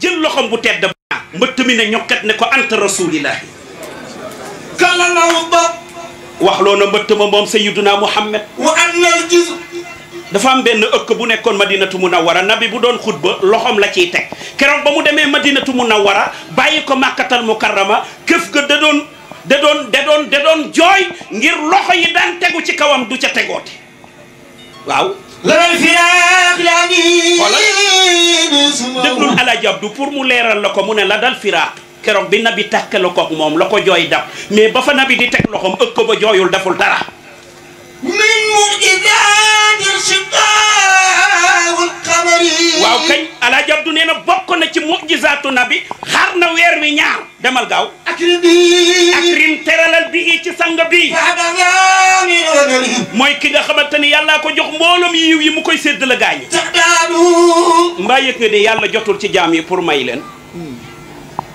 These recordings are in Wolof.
jël loxom bu tedd ba mbëtt mi ne ñokkat ne ko anta rasulillahi kalalaw ba wax loo na mbëtt ma moom sayyiduna muhammad wa annal juz dafa am benn ëkk bu nekkoon madinatu munawwara nabi bu doon xutba loxom la ciy teg keroog ba mu demee madinatu munawwara bàyyi ko màkkatal mukarrama këf ga da doon da doon da doon da doon jooy ngir loxo yi daan tegu ci kawam du ca tegooti waaw déglul Alaaji Abdu pour mu leeral la ko mu ne la dal firaaq keroog bi bi nabi tàkkale ko moom la ko jooy da mais ba fa nabi di teg loxoom ëkk ba jooyul deful dara min mujizaati shitaa'i wal qamari waaw kañ Alaaji Abdu nee na bokk na ci mujizaatu nabi xar na weer wi ñaar demal gaaw akrim bi akrim teralal bi ci sang bi mooy ki nga xamante ni yàllaa ko jox mbooloom yiw yi mu koy sédd la gaañ mbaa yëg nga ne yàlla jotul ci jaam yi pour may leen hmm.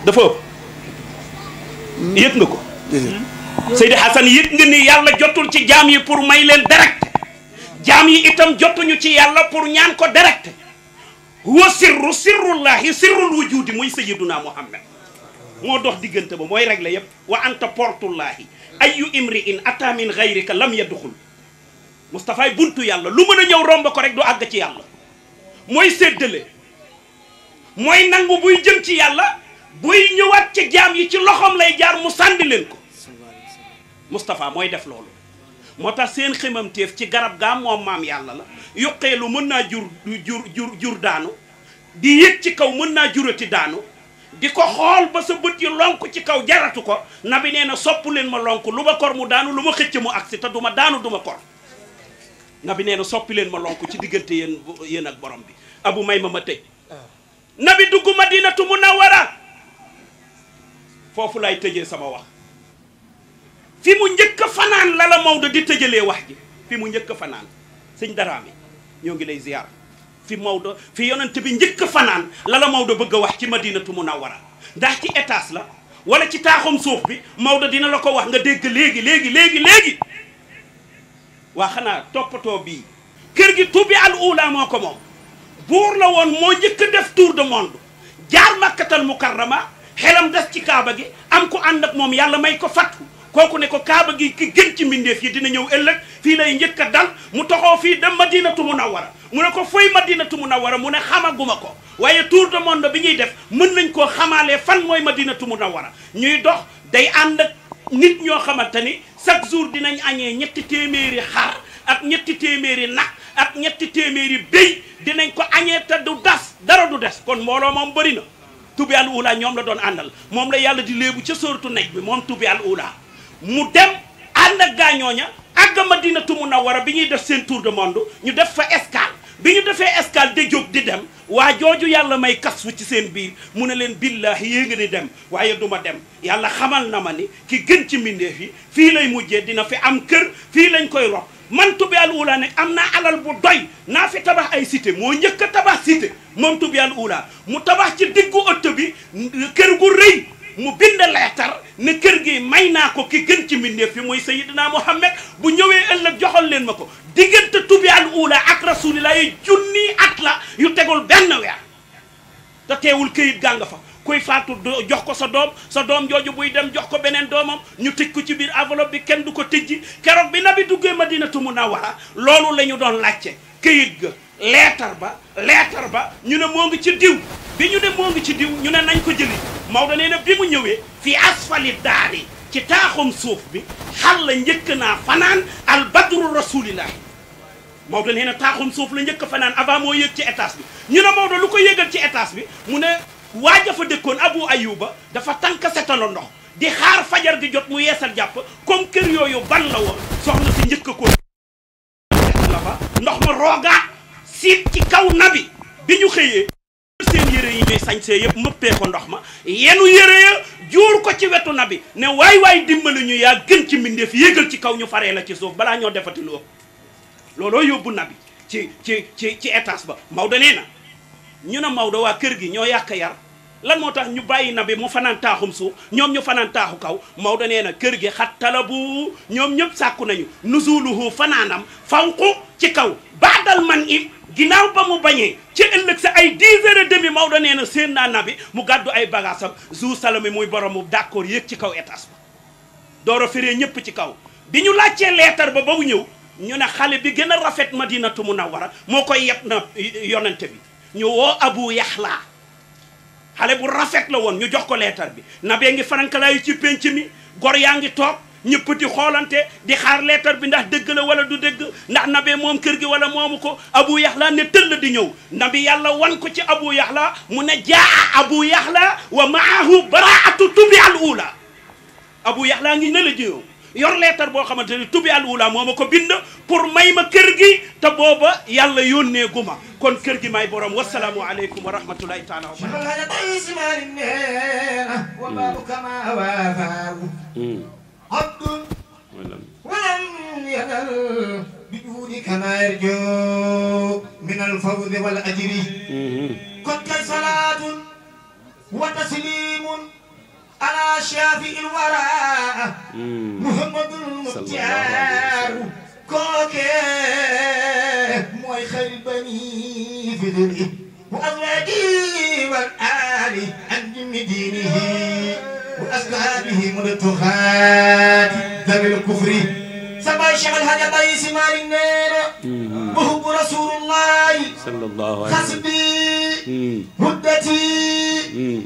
dafa ëpp yëg nga ko hmm. Seydi Hassan yëg nga ni yàlla jotul ci jaam yi pour may leen direct jaam yi itam jotuñu ci yàlla pour ñaan ko direct huwa sirru sirrullahi sirrul wujudi muy sayiduna muhammad moo dox diggante ba mooy la yépp wa anta portullahi ayu imri in ata min gayrika lam yadxul Moustapha buntu yàlla lu mën a ñëw romb ko rek du àgg ci yàlla mooy seddale mooy nangu buy jëm ci yàlla buy ñëwaat ci jaam yi ci loxoom lay jaar mu sàndi leen ko Moustapha mooy def loolu moo tax seen xemamteef ci garab gaa moom maam yàlla la yuqeelu mën naa jur jur jur jur daanu di yëg ci kaw mën naa jurati daanu di ko xool ba sa bët yi lonk ci kaw jaratu ko nabi nee na sopp leen ma lonk lu ma kor mu daanu lu ma xëcc mu agsi te du daanu du ma kor nee na soppi leen ma lonku ci diggante yéen yéen ak borom bi abu may ma ma tëj nabi dugg madinatu munawwara foofu laay tëjee sama wax fi mu njëkk a fanaan la la Maodo di tëjalee wax ji fi mu njëkk fanaan sëñ daraame ñoo ngi lay ziar fi Maodo fi yonent bi njëkk fanaan lala la Maodo bëgg a wax ci madinatu munawwara ndax ci étage la wala ci taaxum suuf bi Maodo dina la ko wax nga dégg léegi léegi léegi léegi waa xanaa toppatoo bii kër gi tubi al ula moo ko moom buur la woon moo njëkk a def tuur de monde jaar makkatal mukarrama xelam des ci kaaba gi am ko ànd ak moom yàlla may ko fattu kooku ne ko kaaba gi ki gën ci mbindeef yi dina ñëw ëllëg fii lay njëkk a dal mu toxoo fii dem madinatu munawwara mu ne ko fooy madinatu munawwara mu ne xamaguma ko waaye tour de monde bi ñuy def mën nañ koo xamaalee fan mooy madinatu munawwara ñuy dox day ànd ak nit ñoo xamante ni chaque jour dinañ añee ñetti téeméeri xar ak ñetti téeméeri nag ak ñetti téeméeri béy dinañ ko añee te du das dara du des kon mbooloo moom bari na tubi al ula ñoom la doon àndal moom la yàlla di léebu ca sóortu naj bi moom tubi mu dem ànd ak gaañooña àgg Madinatu Munawwara bi ñuy def seen tour de monde ñu def fa escale bi ñu defee escale de jóg di dem waa jooju yàlla may kasfu ci seen biir mu ne leen billaahi yéen nga di dem waaye duma dem yàlla xamal na ma ni ki gën ci mbindeef yi fii lay mujjee dina fi am kër fii lañ koy rob man tubiyal uulaa nag am naa alal bu doy naa fi tabax ay cité moo njëkk a tabax cité moom tubiyal uulaa mu tabax ci diggu ëtt bi kër gu rëy mu bind leetar ne kër gi may naa ko ki gën ci mbindeef fi mooy naa Muhammad bu ñëwee ëllëg joxal leen ma ko diggante tubi al uula ak rasulillah yi junni at la yu tegul benn weer te teewul këyit gaa nga fa kuy faatu jox ko sa doom sa doom jooju buy dem jox ko beneen doomam ñu tëj ko ci biir enveloppe bi kenn du ko tëjji keroog bi nabi duggee madinatu munawwara loolu lañu doon laajte këyit ga leetar ba leetar ba ñu ne moo ngi ci diw bi ñu ne moo ngi ci diw ñu ne nañ ko jëli Maodo nee na bi mu ñëwee fi asfali daari ci taaxum suuf bi xal la njëkk naa fanaan al badru rasulillah Maodo nee na taaxum suuf la njëkk fanaan avant moo yëg ci etaas bi ñu ne Maodo lu ko yëgal ci étage bi mu ne waaja fa dëkkoon Abu Ayuba dafa tànk setala ndox di xaar fajar gi jot mu yeesal jàpp comme kër yooyu ban la woon soxna si njëkk ko ndox ma roogaat siit ci kaw nabi bi ñu xëyee yére yi ñuy sañsee yëpp mëppee ko ndox ma yenu yére ya juur ko ci wetu na bi ne waay waay dimbali ñu yaa gën ci mbindeef yéegal ci kaw ñu faree la ci suuf balaa ñoo defati lu ëpp looloo yóbbu na ci ci ci ci étage ba Maodo nee na ñu ne Maodo waa kër gi ñoo yàq yar lan moo tax ñu bàyyi na bi mu fanaan taaxum suuf ñoom ñu fanaan taaxu kaw Maodo nee na kër gi xat talabu ñoom ñëpp sàkku nañu nuzuluhu fanaanam fawqu ci kaw baadal man im ginnaaw ba mu bañee ci ëllëg sa ay dix heures et demi Maodo nee na seen naa nabi mu gàddu ay bagaasam jour Salomé muy borom mu d'accord yéeg ci kaw étage ba door a firee ñëpp ci kaw bi ñu laajtee leetar ba ba mu ñëw ñu ne xale bi gën a rafet Madinatu Munawwara moo koy yeb na yonente bi ñu woo Abu Yaxla xale bu rafet la woon ñu jox ko leetar bi nabee ngi farankalaayu ci pénc mi gor yaa ngi toog ñëpp di xoolante di xaar leetar bi ndax dëgg la wala du dëgg ndax nabe moom kër gi wala moomu ko abu yaxla ne tëll di ñëw nabi yàlla wan ko ci abu yaxla mu ne jaa abu yaxla wa maahu baraatu tubi al ula abu yaxla ngi ne la jëyow yor leetar boo xamante ni tubi al ula moo ma ko bind pour may ma kër gi te booba yàlla yónnee guma kon kër gi may borom wasalaamu aleykum wa rahmatullahi taala wa barakatuh عبد ولم ينل بجودك ما يرجو من الفوز والأجر كنت صلاة وتسليم على شافي الوراء محمد المختار كوكب موي خير بني في ذره وأزواجي والآل عن دينه أصحابه من الطغاة ذوي الكفر سبع شيخ الحاج الله سمار النار وهب رسول الله صلى الله عليه وسلم حسبي هدتي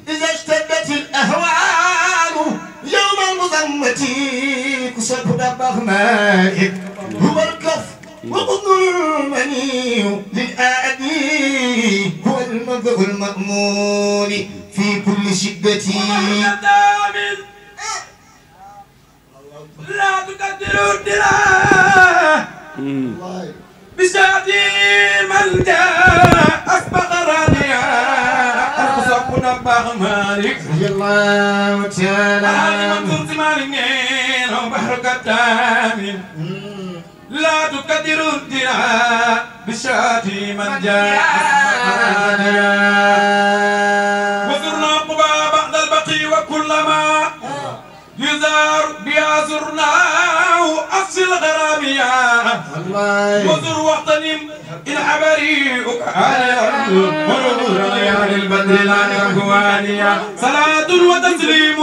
إذا اشتدت الأهوال يوم المزمة كسب دبغ مائك هو الكفر وغضر المني من آدي هو المبدأ المأمون في كل شدتي لا تقدروا الدراء بسعدي من جاء أسبق رانيا أرقص نباه مالك الله تعالى أنا من كنت مالك بحر قدامي لا تقدر الدنيا بشاتي من جاء وزرنا قبى بعد البقي وكلما يزار بها زرناه أصل الغرامية وزر وطني إن حبريك على مرور ليالي البدر لا إخوانية صلاة وتسليم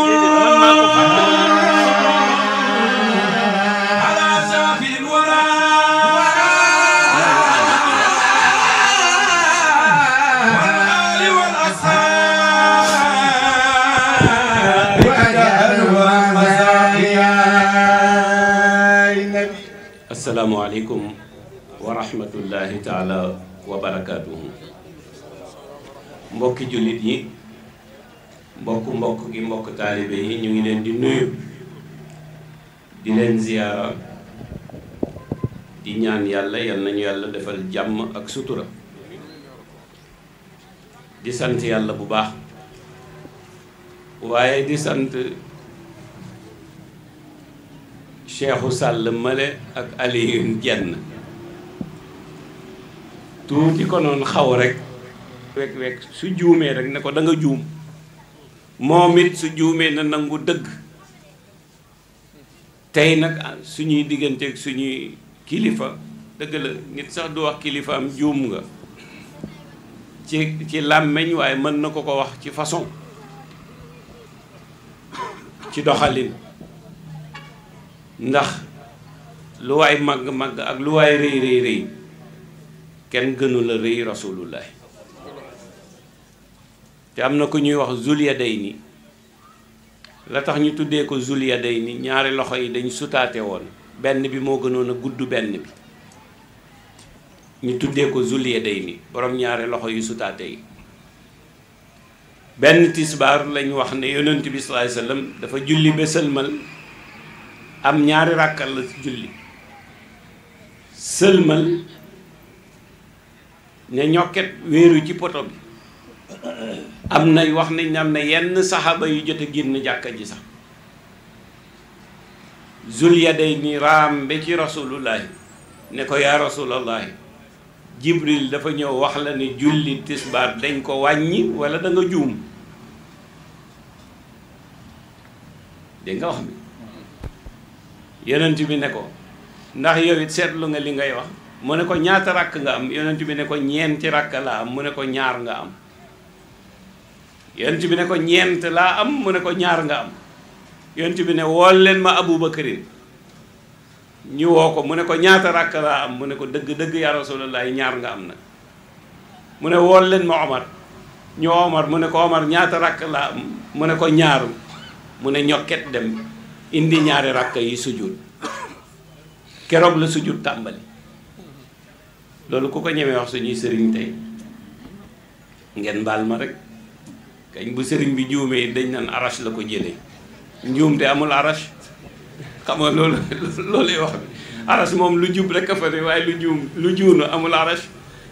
asalaamualeykum wa rahmatullahi taala wa barakaatuhu mbokki jullit yi mbokk mbokk gi mbokk taalibe yi ñu ngi leen di nuyu di leen ziyaara di ñaan yàlla yal nañu yàlla defal jàmm ak sutura di sant yàlla bu baax waaye di sant Cheikhou Sall male ak Alioune Dieng tuuti ko noonu xaw rek wekk wekk su juumee rek ne ko da juum moom it su juumee na nangu dëgg tey nag ah, suñuy digganteeg suñuy kilifa dëgg la nit sax du wax kilifa am juum nga ci ci làmmiñ waaye mën na ko ko wax ci façon ci doxalin ndax lu waay màgg-màgg ak lu waay rëy rëy rëy kenn gënu la rëy rasulullah te am na ku ñuy wax zul yadayni la tax ñu tuddee ko zul ni ñaari loxo yi dañ sutaate woon benn bi moo gënoon a gudd benn bi ñu tuddee ko zul yadayni borom ñaari loxo yu sutaate yi benn tisbaar lañ wax ne yonent bi sallallahu alayhi dafa julli ba sëlmal am ñaari ràkkal la ci julli sëlmal ne ñokket wéeru ci poto bi am na wax nañ am na yenn saxaaba yu jot a génn jàkka ji sax zul ñi ni raam ci rasulullahi ne ko yaa rasulallahi jibril dafa ñëw wax la ne julli tisbaar dañ ko wàññi walla da nga juum dégg nga wax mi yeneen yonent bi ne ko ndax yow it seetlu nga li ngay wax mu ne ko ñaata ràkk nga am yonent bi ne ko ñeenti rakk laa am mu ne ko ñaar nga am yonent bi ne ko ñeent laa am mu ne ko ñaar nga am yonent bi ne wool leen ma abu abubakarin ñu woo ko mu ne ko ñaata rakk laa am mu ne ko dëgg-dëgg ya rasulallah ñaar nga am nag mu ne wool leen ma omar ñu omar mu ne ko omar ñaata ràkk laa am mu ne ko ñaaru mu ne ñokket dem indi ñaari rakk yi sujud keroog la sujud tàmbali loolu ku ko ñemee wax suñuy sëriñ tey ngeen baal ma rek kañ bu sëriñ bi juumee dañ naan arash la ko jëlee njuum te amul arash xam nga loolu looluy wax bi moom lu jub rek a fa waaye lu juum lu juunu amul arash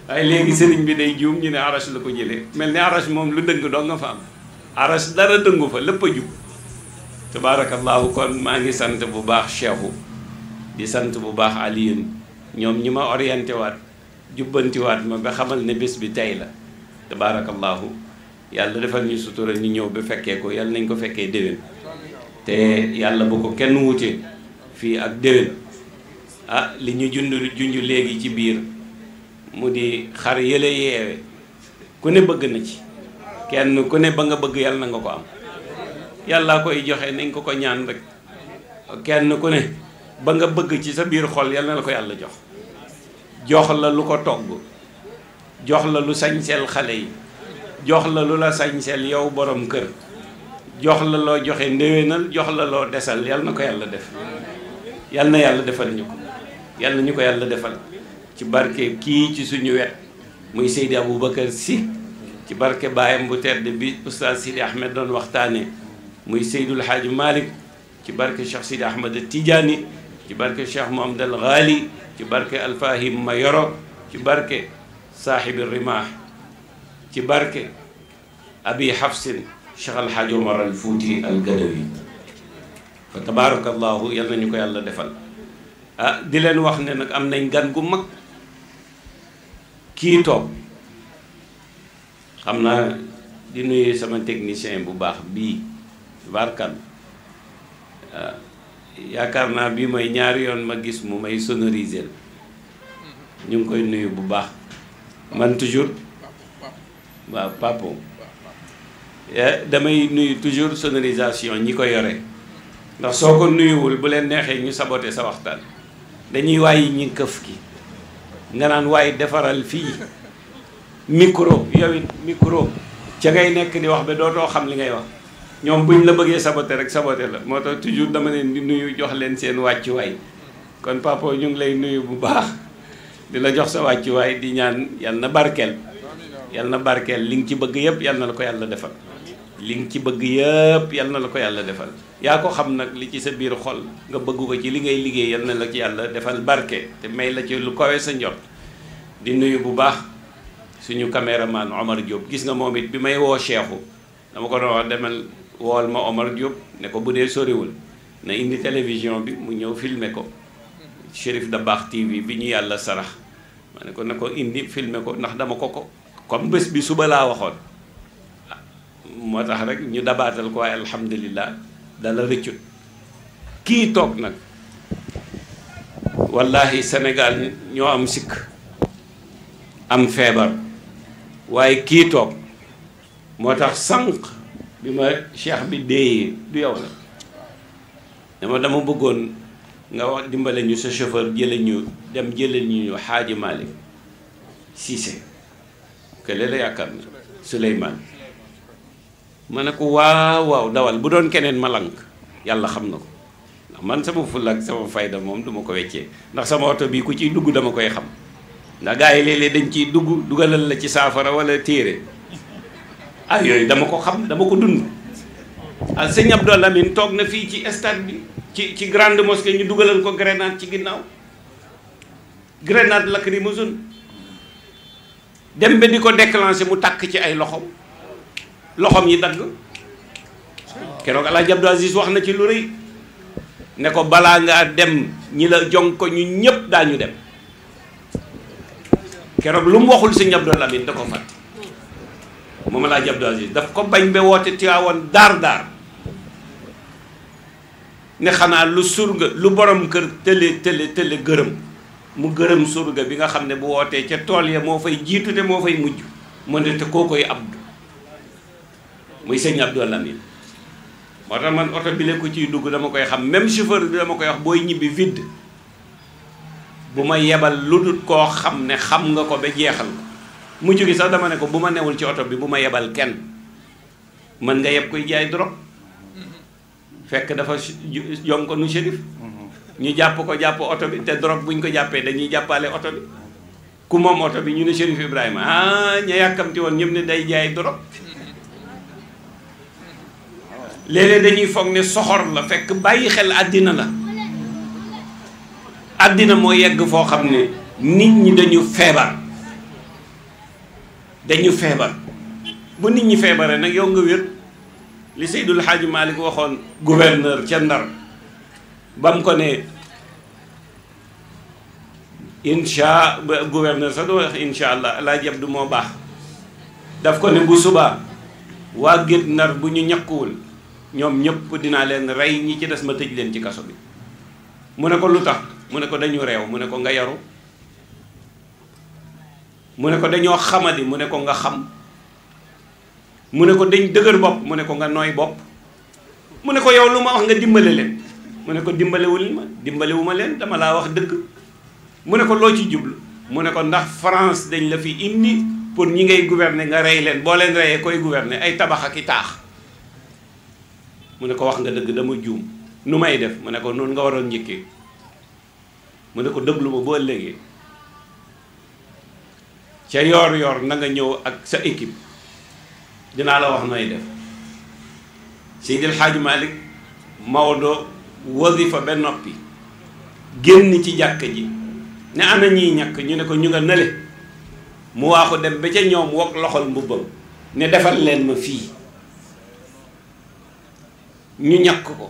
waaye léegi sëriñ bi day juum ñu ne arash la ko jële mel ni arash moom lu dëng doo nga fa am arash dara dëngu fa lépp a jub tabaarakallaahu kon maa ngi sant bu baax Cheikhu di sant bu baax Alioune ñoom ñi ma orienté waat jubbantiwaat ma ba xamal ne bés bi tey la tabaarakallaahu yàlla defal ñu sutura ñu ñëw ba fekkee ko yàlla nañ ko fekkee déwén te yàlla bu ko kenn wute fii ak déwén ah li ñu junj junj léegi ci biir mu di xar yële yeewe ku ne bëgg na ci kenn ku ne ba nga bëgg yàlla na nga ko am yàllaa koy joxe nañ ko ko ñaan rek kenn ku ne ba nga bëgg ci sa biir xol yàlla na ko yàlla jox jox la lu ko togg jox la lu sañseel xale yi jox la lu la sañseel yow borom kër jox la loo joxe ndéwénal jox la loo desal yal na ko yàlla def yal na yàlla defal ñu ko yal ñu ko yàlla defal ci barke kii ci suñu wet muy Seydi Aboubacar si ci barke baayam bu tedd bi oustaz Sidi Ahmed doon waxtaanee muy Seydul Haaji Malick ci barke Cheikh Sidi Ahmed Tidiane ci barke Cheikh Mohamad al Ghali ci barke Alfahim Mayoro ci barke saahibi rimah ci barke abi hafsin Cheikh al Haaji Omar al Fouti al Gadawi fa tabarakallahu yal nañu ko yàlla defal ah di leen wax ne nag am nañ gan gu mag kii toog xam naa di nuyu sama technicien bu baax bii tubaarkal eh, yaakaar naa bii mooy ñaari yoon ma gis mu may sonoriser ñu ngi koy nuyu bu baax man toujours waaw papo eh, damay nuyu toujours sonorisation ñi ko yore ndax soo ko nuyuwul bu leen neexee ñu saboté sa waxtaan dañuy waayi ñi këf ki nga naan waaye defaral fii micro yow it ca ngay nekk di wax ba dootoo xam li ngay wax ñoom ñu la bëggee saboté rek saboté la moo tax toujours dama leen di nuyu jox leen seen wàccuwaay kon papa ñu ngi lay nuyu bu baax di la jox sa wàccuwaay di ñaan yal na barkeel yal na barkeel li nga ci bëgg yëpp yal na la ko yàlla defal li nga ci bëgg yëpp yal na la ko yàlla defal yaa ko xam nag li ci sa biir xol nga bëgg ko ci li ngay liggéey yal na la yàlla defal barke te may la ci lu kawe sa njot di nuyu bu baax suñu caméraman Omar Diop gis nga moom it bi may woo seexu dama ko doon wax demal wool ma Omar Diop ne ko bu dee soriwul na indi télévision bi mu ñëw filmer ko Chérif baax TV bi ñu yàlla sarax ma ne ko ne ko indi filmer ko ndax dama ko ko comme bés bi suba laa waxoon moo tax rek ñu dabaatal ko waaye alhamdulilah dala rëccut kii toog nag wallahi Sénégal ñoo am sikk am feebar waaye kii toog moo tax sànq bi ma cheikh bi déeyee du yow la dama dama bëggoon nga wax dimbale ñu sa chauffeur jële ñu dem jële ñu xaaji Malick Cissé kële la yaakaar na Souleymane ma ne ko waaw waaw dawal bu doon keneen ma lank yàlla xam na ko ndax man sama fulla ak sama fayda moom duma ko weccee ndax sama oto bii ku ciy dugg dama koy xam ndax gars yi dañ ciy dugg dugalal la ci saafara wala téere ah yooyu dama ko xam dama ko dund ah sëñ Abdou Lamine toog na fii ci stade bi ci ci grande mosquée ñu dugalal ko grenade ci ginnaaw grenade lacrymogène dem ba di ko déclenché mu takk ci ay loxom loxoom yi dagg keroog El Hadj Abdou Aziz wax na ci lu rëy ne ko balaa ngaa dem ñi la jong ko ñu ñëpp daañu dem keroog lu mu waxul sëñ Abdou Lamine da ko fàtte moom laa jab Abdou Aziz daf ko bañ ba woote Tiwaawoon daar daar ne xanaa lu surga lu borom kër tële tële tële gërëm mu gërëm surga bi nga xam ne bu wootee ca tool ya moo fay jiitu te moo fay mujj mu ne te koo koy Abdou muy sëñ Abdou Lamine moo tax man oto bi la ko ciy dugg dama koy xam même chauffeur bi dama koy wax booy ñibbi vide bu ma yebal lu dul koo xam ne xam nga ko ba jeexal ko mu jógi sax dama ne ko bu ma newul ci oto bi bu ma yebal kenn mën nga yeb kuy jaay drogue fekk dafa yom ko nu shérif ñu jàpp ko jàpp oto bi te bu buñ ko jàppee dañuy jàppale oto bi ku moom oto bi ñu ne shérif Ibrahima ah ña yàkkamti woon ñëpp ne day jaay drogue léeg-léeg dañuy foog ne soxor la fekk bàyyi xel àddina la àddina moo yegg foo xam ne nit ñi dañu feebar dañu feebar bu nit ñi feebaree nag yow nga wér li Seydul Xaaji Malik waxoon gouverneur ca Ndar ba mu ko ne insha gouverneur sax du wax insha allah laa jab du moo baax daf ko ne bu subaa waa gét Ndar bu ñu ñakkuwul ñoom ñëpp dinaa leen rey ñi ci des ma tëj leen ci kaso bi mu ne ko lu tax mu ne ko dañu réew mu ne ko nga yaru mu ne ko dañoo xamadi mu ne ko nga xam mu ne ko dañ dëgër bopp mu ne ko nga nooy bopp mu ne ko yow lu ma wax nga dimbale leen mu ne ko dimbalewul ma dimbalewu ma leen dama laa wax dëgg mu ne ko loo ci jublu mu ne ko ndax France dañ la fi indi pour ñi ngay gouverner nga rey leen boo leen reyee koy gouverner ay tabax ak i taax mu ne ko wax nga dëgg dama juum nu may def mu ne ko noonu nga waroon njëkkee mu ne ko dëglu ma boo ëllëgee ca yoor yoor na nga ñëw ak sa équipe dinaa la wax nooy def Seydil Hadji Malick Maodo wasifa be noppi génn ci jàkk ji ne na ñiy ñakk ñu ne ko ñu nga nële mu waaxu dem ba ca ñoom wokk loxol mbubbam ne defal leen ma fii ñu ñakk ko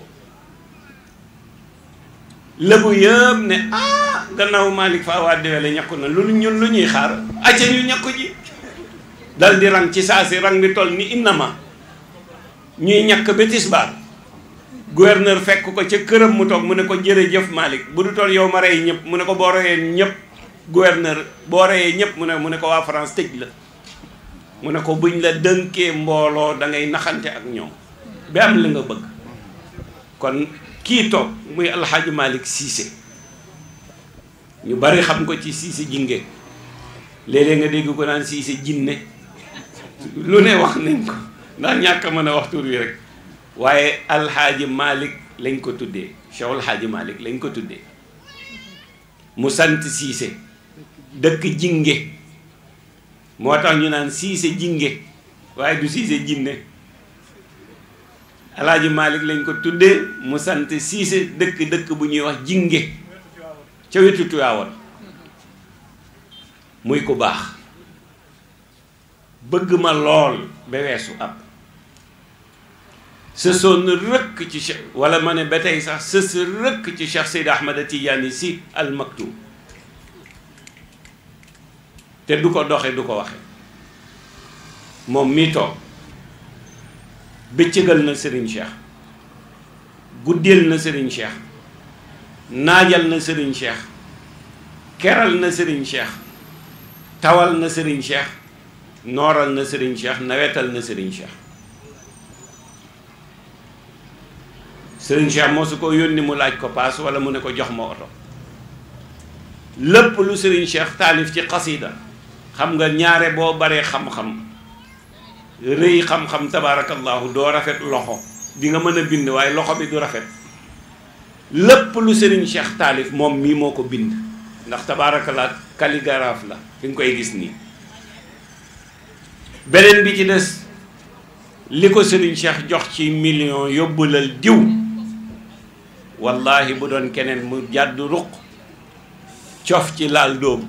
lëbu yëpp ne ah gannaaw Malick Fa waa Déwélé ñàkku na lu ñun lu ñuy xaar acca ñu ñàkku ji dal di rang ci saa si rang bi toll ni innama ñuy ñàkk ba tisbaar fekk ko ca këram mu toog mu ne ko jërëjëf Malick bu du toll yow ma rey ñëpp mu ne ko boo reyee ñëpp gouverneur boo reyee ñëpp mu ne mu ne ko waa France tëj la mu ne ko buñ la dënkee mbooloo da ngay naxante ak ñoom ba li nga bëgg kon kii toog muy alxaaji Malick Cissé ñu bari xam ko ci Cissé jinge léeg nga dégg ko naan Cissé jinne lu ne wax nañ ko ndax ñàkk mën a wax tur rek waaye alxaaji malik lañ ko tuddee Cheikh alxaaji malik lañ ko tuddee mu sant Cissé dëkk jinge moo tax ñu naan Cissé jinge waaye du Cissé jinne alaaji Malick lañ ko tuddee mu sant siise dëkk dëkk bu ñuy wax jinge ca wetu Tiwaawan muy ku baax bëgg ma lool ba weesu ab sësoon rëkk ci Cheikh wala ma ne ba tey sax sës rëkk ci Cheikh Seydi Ahmada Tijaani si al maktum te du ko doxe du ko waxe moom mii bëccëgal na Serigne Cheikh guddeel na sëriñ Cheikh naajal na sëriñ Cheikh keral na Serigne Cheikh tawal na Serigne Cheikh nooral na Serigne Cheikh nawetal na Serigne Cheikh Serigne Cheikh moo su ko yónni mu laaj ko paas wala mu ne ko jox ma oto lépp lu Serigne Cheikh taalif ci xasida xam nga ñaare boo baree xam-xam rëy xam-xam tabaarakallaahu doo rafet loxo di nga mën a bind waaye loxo bi du rafet lépp lu Serigne Cheikh taalif moom mii moo ko bind ndax tabaarakallaa kaligaraaf la fi nga koy gis nii beneen bi ci des li ko Serigne Cheikh jox ci million yóbbulal diw wallaahi bu doon keneen mu jàdd ruq cof ci laal dóom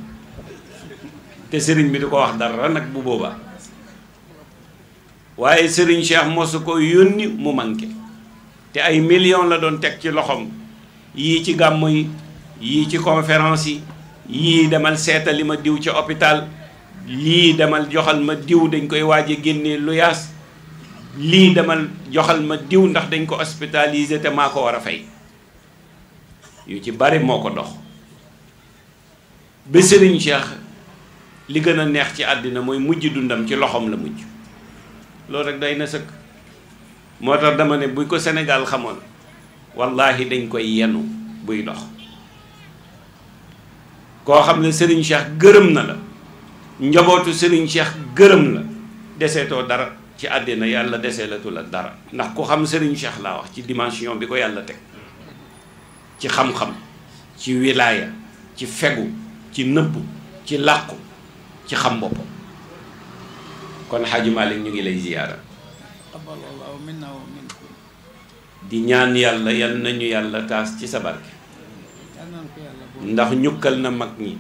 te sëriñ bi du ko wax dara nag bu boobaa waaye Serigne Cheikh mosu ko yónni mu manqué te ay millions la doon teg ci loxoom yii ci gàmm yi yii ci conférence yi yii demal seetali ma diw ci hôpital lii demal joxal ma diw dañ koy waaje génnee lu yaas lii demal joxal ma diw ndax dañ ko hospitalisé te maa ko war a fay yu ci bari moo ko dox ba Serigne Cheikh li gën a neex ci àddina mooy mujj dundam ci loxoom la mujj loolu rek day na sëkk moo tax dama ne bu ko Sénégal xamoon wallaahi dañ koy yenu buy dox koo xam ne Serigne Cheikh gërëm na la njabootu Serigne Cheikh gërëm la deseetoo dara ci àddina yàlla deseelatu la dara ndax ku xam Serigne Cheikh laa wax ci dimension bi ko yàlla teg ci xam-xam ci wilaaya ci fegu ci nëbbu ci làqu ci xam boppam kon xaaju ñu ngi lay ziyaara di ñaan yàlla yal nañu yàlla taas ci sa barke ndax ñukkal na mag ñi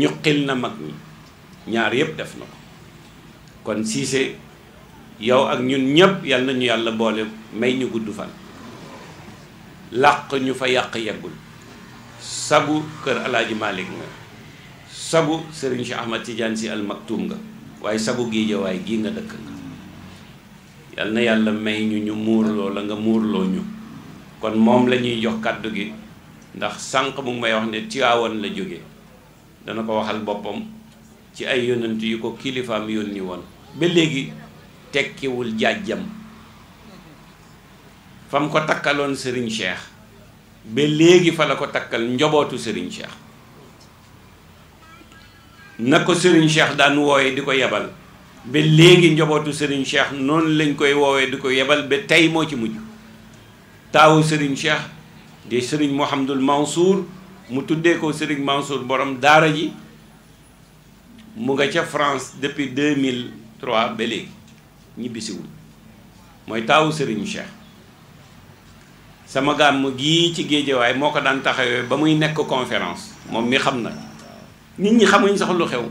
ñuqil na mag ñi ñaar yépp def na ko kon Cissé yow ak ñun ñépp yal nañu yàlla boole may ñu gudd fan làq ñu fa yàq yeggul sabu kër alaaji nga sabu Serigne Cheikh Ahmad Tidiane Sy Al Maktoum nga waaye sagu géejawaay gii nga dëkk nga yal na yàlla may ñu ñu muurloo la nga muurloo ñu kon moom la ñuy jox kàddu gi ndax sànq mu ngi may wax ne Tiwaawan la jóge dana ko waxal boppam ci ay yonent yu ko kilifaam yónni woon ba léegi tekkiwul jaajam fam ko takkaloon Serigne Cheikh ba léegi fa la ko takkal njobootu Serigne Cheikh nag ko Serigne Cheikh daan woowe di ko yebal ba léegi njabootu Serigne Cheikh noonu lañ koy woowee di ko yebal ba tey moo ci mujj taawu sëriñ Cheikh di Serigne Mouhamadul Mansour mu tuddee ko Serigne Mansour borom daara ji mu nga ca France depuis 2003 ba léegi ñibbisiwul mooy taawu sëriñu Cheikh sama gàmm gi ci géejewaay moo ko daan taxawee ba muy nekk conférence moom mi xam na nit ñi xamuñ sax lu xew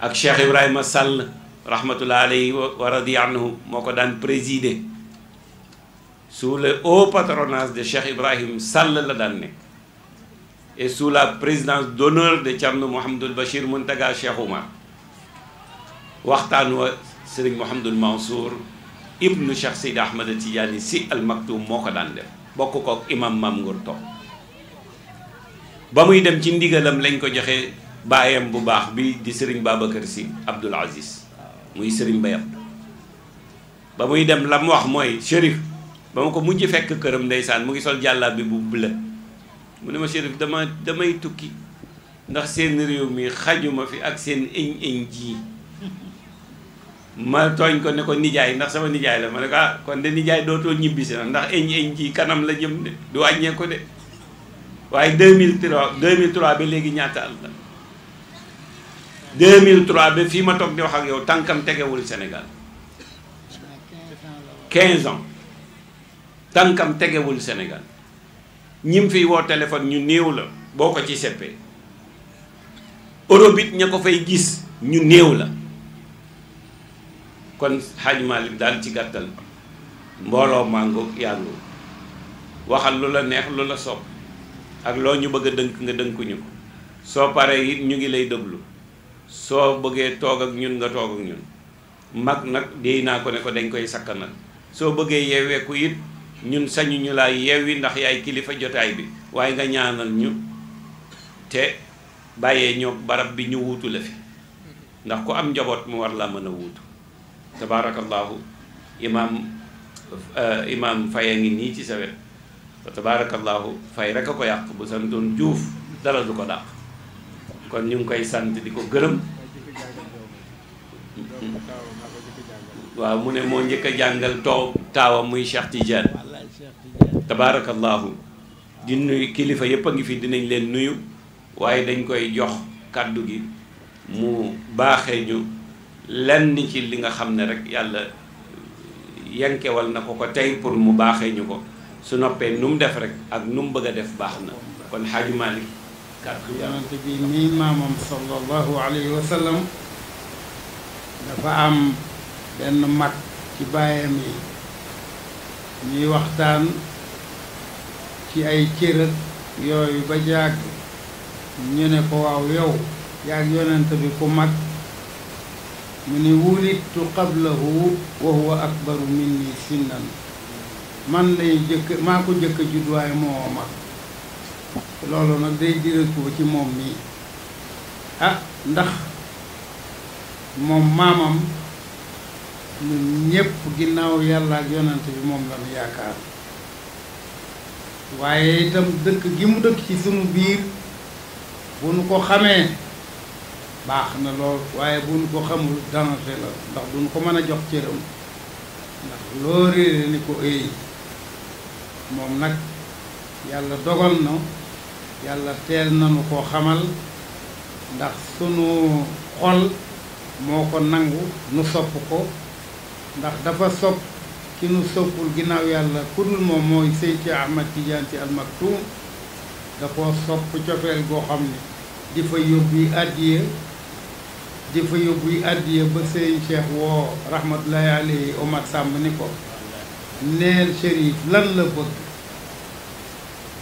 ak Cheikh Ibrahima Sall rahmatullah wa radi anhu moo ko daan présider sous le haut patronage de Cheikh Ibrahim Sall la daan nekk et sous la présidence d'honneur de Thierno Mouhamadul Bachir Mountaga Cheikh Oumar waxtaan wa Serigne Mouhamadul Mansour ibnu Cheikh Seydi Ahmad Tidiane si al Maktoum moo ko daan def bokk kook imam Mame Ngour ba muy dem ci ndigalam lañ ko joxe baayam bu baax bi di sëriñ kër si Abdoul Aziz muy sëriñ Bayam ba muy dem la mu wax mooy shérif ba ma ko mujj fekk këram ndeysaan mu ngi sol jàllaa bi bu bleu mu ne ma shérif dama damay tukki ndax seen réew mi xajuma fi ak seen ëñ ëñ ji ma tooñ ko ne ko nijaay ndax sama nijaay la ma ne ko ah kon de nijaay dootoo ñibbisi na ndax ëñ ëñ ji kanam la jëm de du wàññee ko de waaye 2003 2003 bi léegi ñaata at la 2003 ba fii ma toog di wax ak yow tànkam tegewul senegal 15 ans tànkam tegewul senegal ñi mu fiy woo téléphone ñu néew la boo ko ci seppee Europe it ña ko fay gis ñu néew la kon Hadj Malick daal ci gàttal mbooloo mango yàngu waxal lu la neex lu la sopp ak lool ñu bëgg dënk nga dënkuñu ko soo paree it ñu ngi lay déglu soo bëggee toog ak ñun nga toog ak ñun mag nag déy naa ko ne ko dañ koy sakkanal soo bëggee yeeweeku it ñun sañu ñu laa yeewi ndax yaay kilifa jotaay bi waaye nga ñaanal ñu te bàyyee ñoo barab bi ñu wuutu la fi ndax ku am njaboot mu war laa mën a wuutu tabaarakallaahu imaam imaam Faye ngi nii ci sa fa tabaarakallaahu fay rek a ko yàq bu santoon juuf dara du ko dàq kon ñu ngi koy sant di ko gërëm waaw mu ne moo njëkk a jàngal too taawa muy Cheikh Tidiane tabaarakallaahu di nuyu kilifa yëpp a ngi fi dinañ leen nuyu waaye dañ koy jox kàddu gi mu baaxee ñu lenn ci li nga xam ne rek yàlla yenkewal na ko ko tey pour mu baaxee ñu ko su noppee nu mu def rek ak nu mu bëgg def baax na kon xaaju Malick yonent bi nii maamam sallallahu alayhi wa dafa am benn mag ci bàyyam yi ñuy waxtaan ci ay cërët yooyu ba jaag ñu ne ko waaw yow yaag yonent bi ku mag mu ni wulittu qablahu wa huwa akbaru minni sinnan man lay jëkk maa ko jëkk a judd waaye moo mag loolu nag day direku ci moom mii ah ndax moom maamam ñun ñépp ginnaaw yàlla ak bi moom lañu yaakaar waaye itam dëkk gi mu dëkk ci sunu biir bu nu ko xamee baax na lool waaye bu nu ko xamul danger la ndax du nu ko mën a jox cëram ndax loo réere ni ko ëy moom nag yàlla dogal na yàlla teel nanu koo xamal ndax sunu xol moo ko nangu nu sopp ko ndax dafa sopp ki nu soppul ginnaaw yàlla ku dul moom mooy Seyti Ahmad Tijaan Sy Al Maktoum da koo sopp cofeel goo xam ne di fa yóbbuy àddiya di fa yóbbuy àddiya ba sëriñ Cheikh woo rahmatullahi alayhi Omar Samb ni ko neel shérif lan la bëgg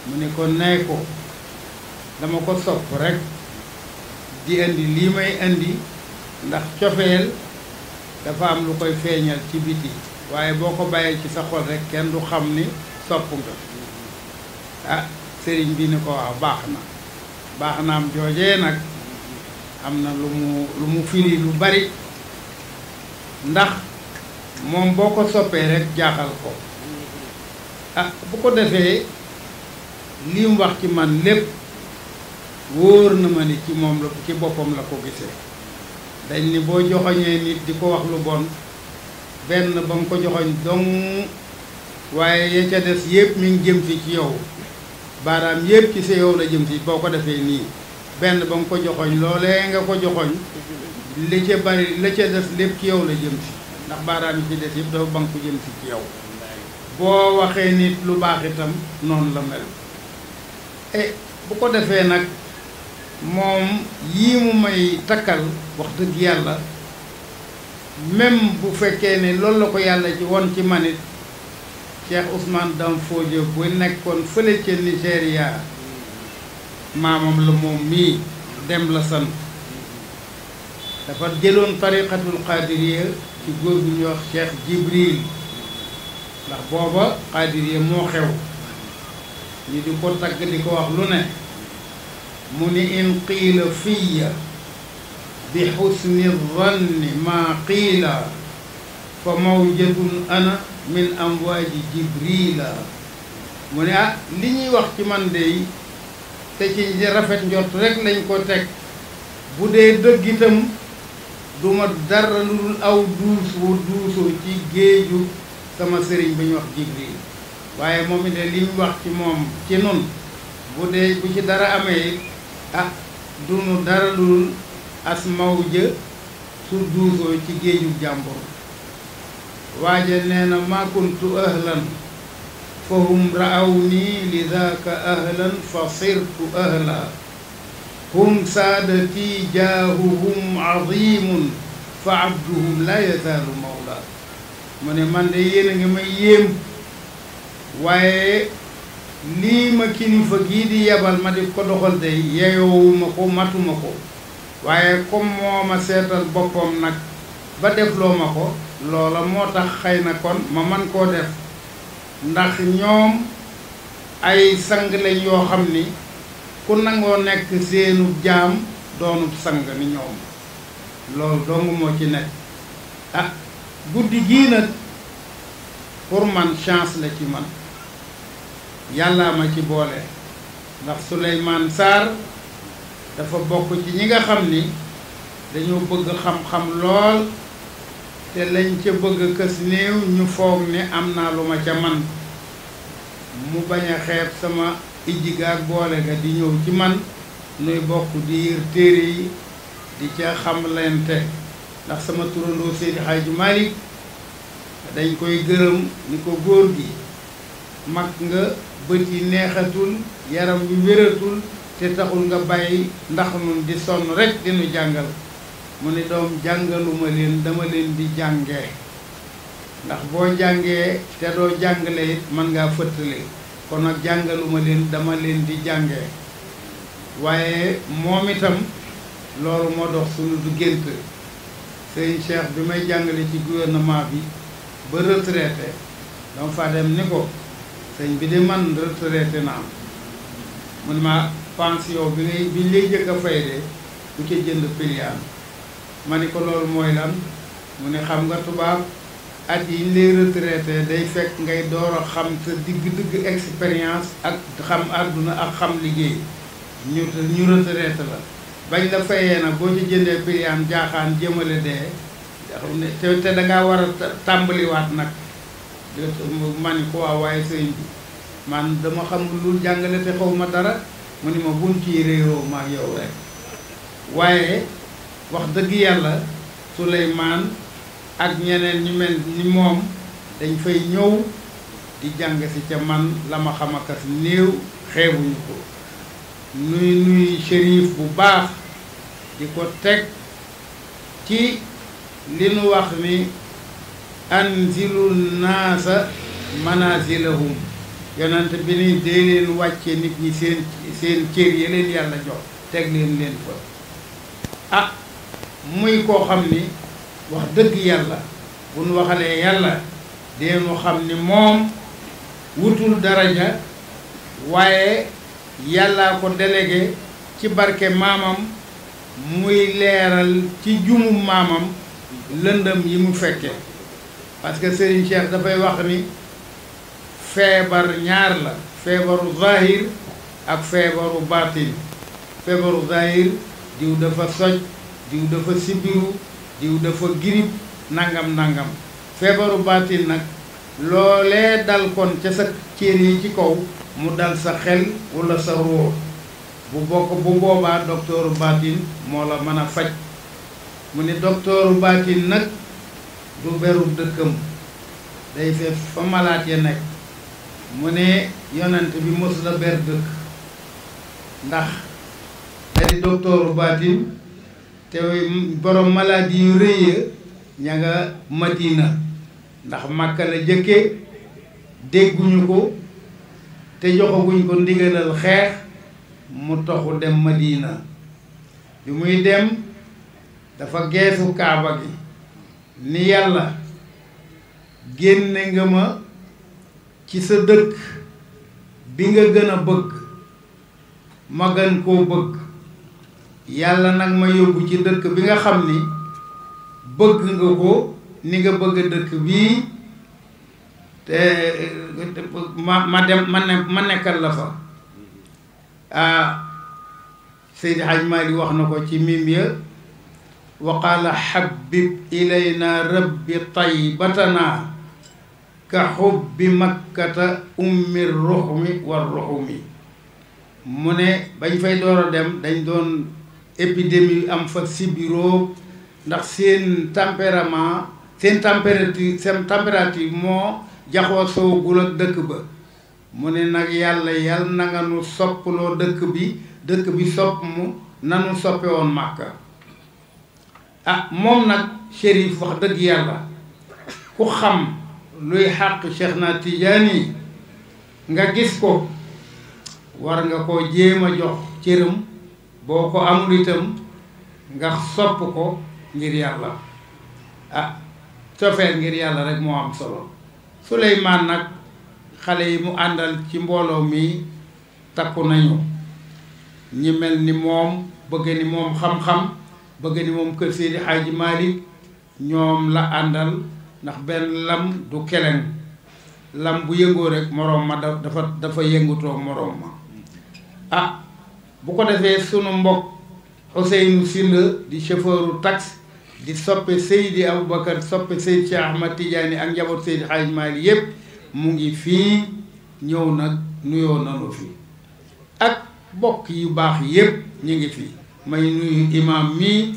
mu ne ko nee ko dama ko sopp rekk di indi lii may indi ndax cofeel dafa am lu koy feeñal ci biti waaye boo ko bàyyee ci sa xol rekk kenn du xam ni sopp nga ah sëriñ bi ni ko waaw baax na baax na am joojee nag am na lu mu lu mu firi lu bari ndax moom boo ko soppee rek jaaxal ko ah bu ko defee li mu wax ci man lépp wóor na ma ni ci moom la ci boppam la ko gisee dañ ni boo joxoñee nit di ko wax lu bon benn ba nga ko joxoñ dong waaye ya ca des yépp mi jëm si ci yow baaraam yépp ci sa yow la jëm si boo ko defee nii benn ba nga ko joxoñ loolee nga ko joxoñ li ca bari la ca des lépp ci yow la jëm si ndax baaraam yi ci des yëpp dafa banku jëm si ci yow boo waxee nit lu baax itam noonu la mel e bu ko defee nag moom yii mu may takkal wax dëgg yàlla même bu fekkee ni loolu la ko yàlla ci won ci manit Cheikh Ousmane Dam Fodio bu nekkoon fële ca Nigéria maamam la moom mii dem la sant dafa jëloon tariqatul qadiriyya ci góor bu ñuy wax Cheikh Jibril ndax booba xaadir yi moo xew ñu di ko tagg di ko wax lu ne mu ni in qiila fiya bi xusni zanni maa qiila fa mawjatun ana min amwaaji jibrila mu ne ah li ñuy wax ci man de yi te ci rafet njort rek lañ ko teg bu dee dëgg du ma dara lu dul aw duusoo duusoo ci géeju sama sëriñ bi wax Jibril waaye moom it li mu wax ci moom ci nun bu dee bu ci dara amee ah du nu dara lu dul as jë su duusoo ci géeju jàmbur waaje nee na ma kuntu fa hum ra'aw nii li daaka ahlan fa sirtu ahla hum saadati jaahuhum azimun fa abduhum la yazaalu mawla mu ne man de yéen a ngi may yéem waaye lii ma kilifa gii di yebal ma di ko doxal day yeyoowuma ko matuma ko waaye comme moo ma seetal boppam nag ba defloo ma ko loola moo tax xëy na kon ma man koo def ndax ñoom ay sang lañ yoo xam ni ku nangoo nekk seenub jaam doonub sang ni ñoom loolu dong moo ci nekk ah guddi gii pour man chance la ci man yàllaa ma ci boole ndax Souleymane Sarr dafa bokk ci ñi nga xam ni dañoo bëgg xam-xam lool te lañ ca bëgg kës néew ñu foog ne am naa lu ma ca man mu bañ a xeeb sama ijji ga boole ga di ñëw ci man nuy bokk di yër téere yi di ca xam ndax sama turandoo Seydi Hadji Malick dañ koy gërëm ni ko góor gi mag nga bët yi neexatul yaram wi wératul te taxul nga bàyyi ndax nun di sonn rek dinu jàngal mu ni doom jàngaluma leen dama leen di jànge ndax boo jàngee te doo jàngale it mën ngaa fëttale kon nag jàngaluma leen dama leen di jànge waaye moom itam loolu moo dox suñu diggante sëñ Cheikh bi may jàngale ci gouvernement bi ba retraité dama faa dem ni ko sëñ bi di man retraité naa mu ne ma bi ngay bi lay jëkk a fay ca jënd piliaan ma ni ko loolu mooy lan mu ne xam nga tubaab at yi ñu lay retraité day fekk ngay door a xam sa digg-digg expérience ak xam àdduna ak xam liggéey ñu ñu retraité la bañ la fayee nag boo ci jëndee piliam jaaxaan jëmale dee te te da war a tàmbaliwaat nag man ko waaye sëñ man dama xam lu jàngale te xaw ma dara mu ni ma buñ ciy réeroo ma yow rek waaye wax dëgg yàlla Souleymane ak ñeneen ñu mel ni moom dañ fay ñëw di jàng si ca man la ma xam néew xeebuñu ko nuy nuy shérif bu baax di ko teg ci li nu wax ni anzilul naasa manazilahum yonent bi ni dee leen wàcce nit ñi seen seen cër ya leen yàlla jox teg leen leen fa ah muy koo xam ni wax dëgg yàlla bu nu waxalee yàlla dee mu xam ni moom wutul daraja waaye yàllaa ko délégué ci barke maamam muy leeral ci jumu maamam lëndëm yi mu fekke parce que Serigne Cheikh dafay wax ni feebar ñaar la feebaru zahir ak feebaru baatin feebaru zahir diw dafa soj diw dafa sibiru diw dafa girib nangam nangam feebaru baatin nag loolee dal kon ca sa cër yi ci kaw mu dal sa xel wala sa ruux bu bokk bu boobaa doktooru baatin moo la mën a faj mu ne doktooru baatin nag du beru dëkkam day fee fa malaat ya nekk mu ne yonent bi mos la ber dëkk ndax dari doktooru baatin te borom maladie yu rëy ña nga madina ndax màkka la jëkke dégguñu ko te joxaguñ ko ndigalal xeex mu toxu dem madina bi muy dem dafa geesu kaaba gi ni yàlla génne nga ma ci sa dëkk bi nga gën a bëgg ma gën koo bëgg yàlla nag ma yóbbu ci dëkk bi nga xam ni bëgg nga ko ni nga bëgg dëkk bii ma ma dem ma nekkal la fa ah Seydi Haj Maalik wax na ko ci mim ya wa qaala xabib ilayna rabbi taybatana ka xubbi makkata ummi ruxmi war ruxumi mu ne bañ fay door dem dañ doon épidémie am fa sibiroog ndax seen tempérament seen température seen température moo jaxoosoogul ak dëkk ba mu ne nag yàlla yal na nu soppaloo dëkk bi dëkk bi sopp mu nanu soppe woon màkka ah moom nag shérif wax dëgg yàlla ku xam luy xàq Cheikh na Tijaani nga gis ko war nga ko jéem a jox cëram boo ko amul itam nga sopp ko ngir yàlla ah cofeel ngir yàlla rek moo am solo Suleymaan nag xale yi mu àndal ci mbooloo mi takku nañu ñi mel ni moom bëgg ni moom xam-xam bëgg ni moom kër Seydi Hadji Malick ñoom la àndal ndax benn lam du keleng lam bu yëngoo rek moroom ma dafa dafa yëngutoo moroom ma ah, bu ko defee sunu mbokk Ousseynou Sylla di chauffeuru taxi di soppe Seydi Aboubacar soppe Seydi Cheikh Ahmad Tidiane ak njaboot Seydi Hadj Mali yépp mu ngi fii ñëw nag nuyoo nanu fi ak bokk yu baax yépp ñu ngi fi may nuyu imam mii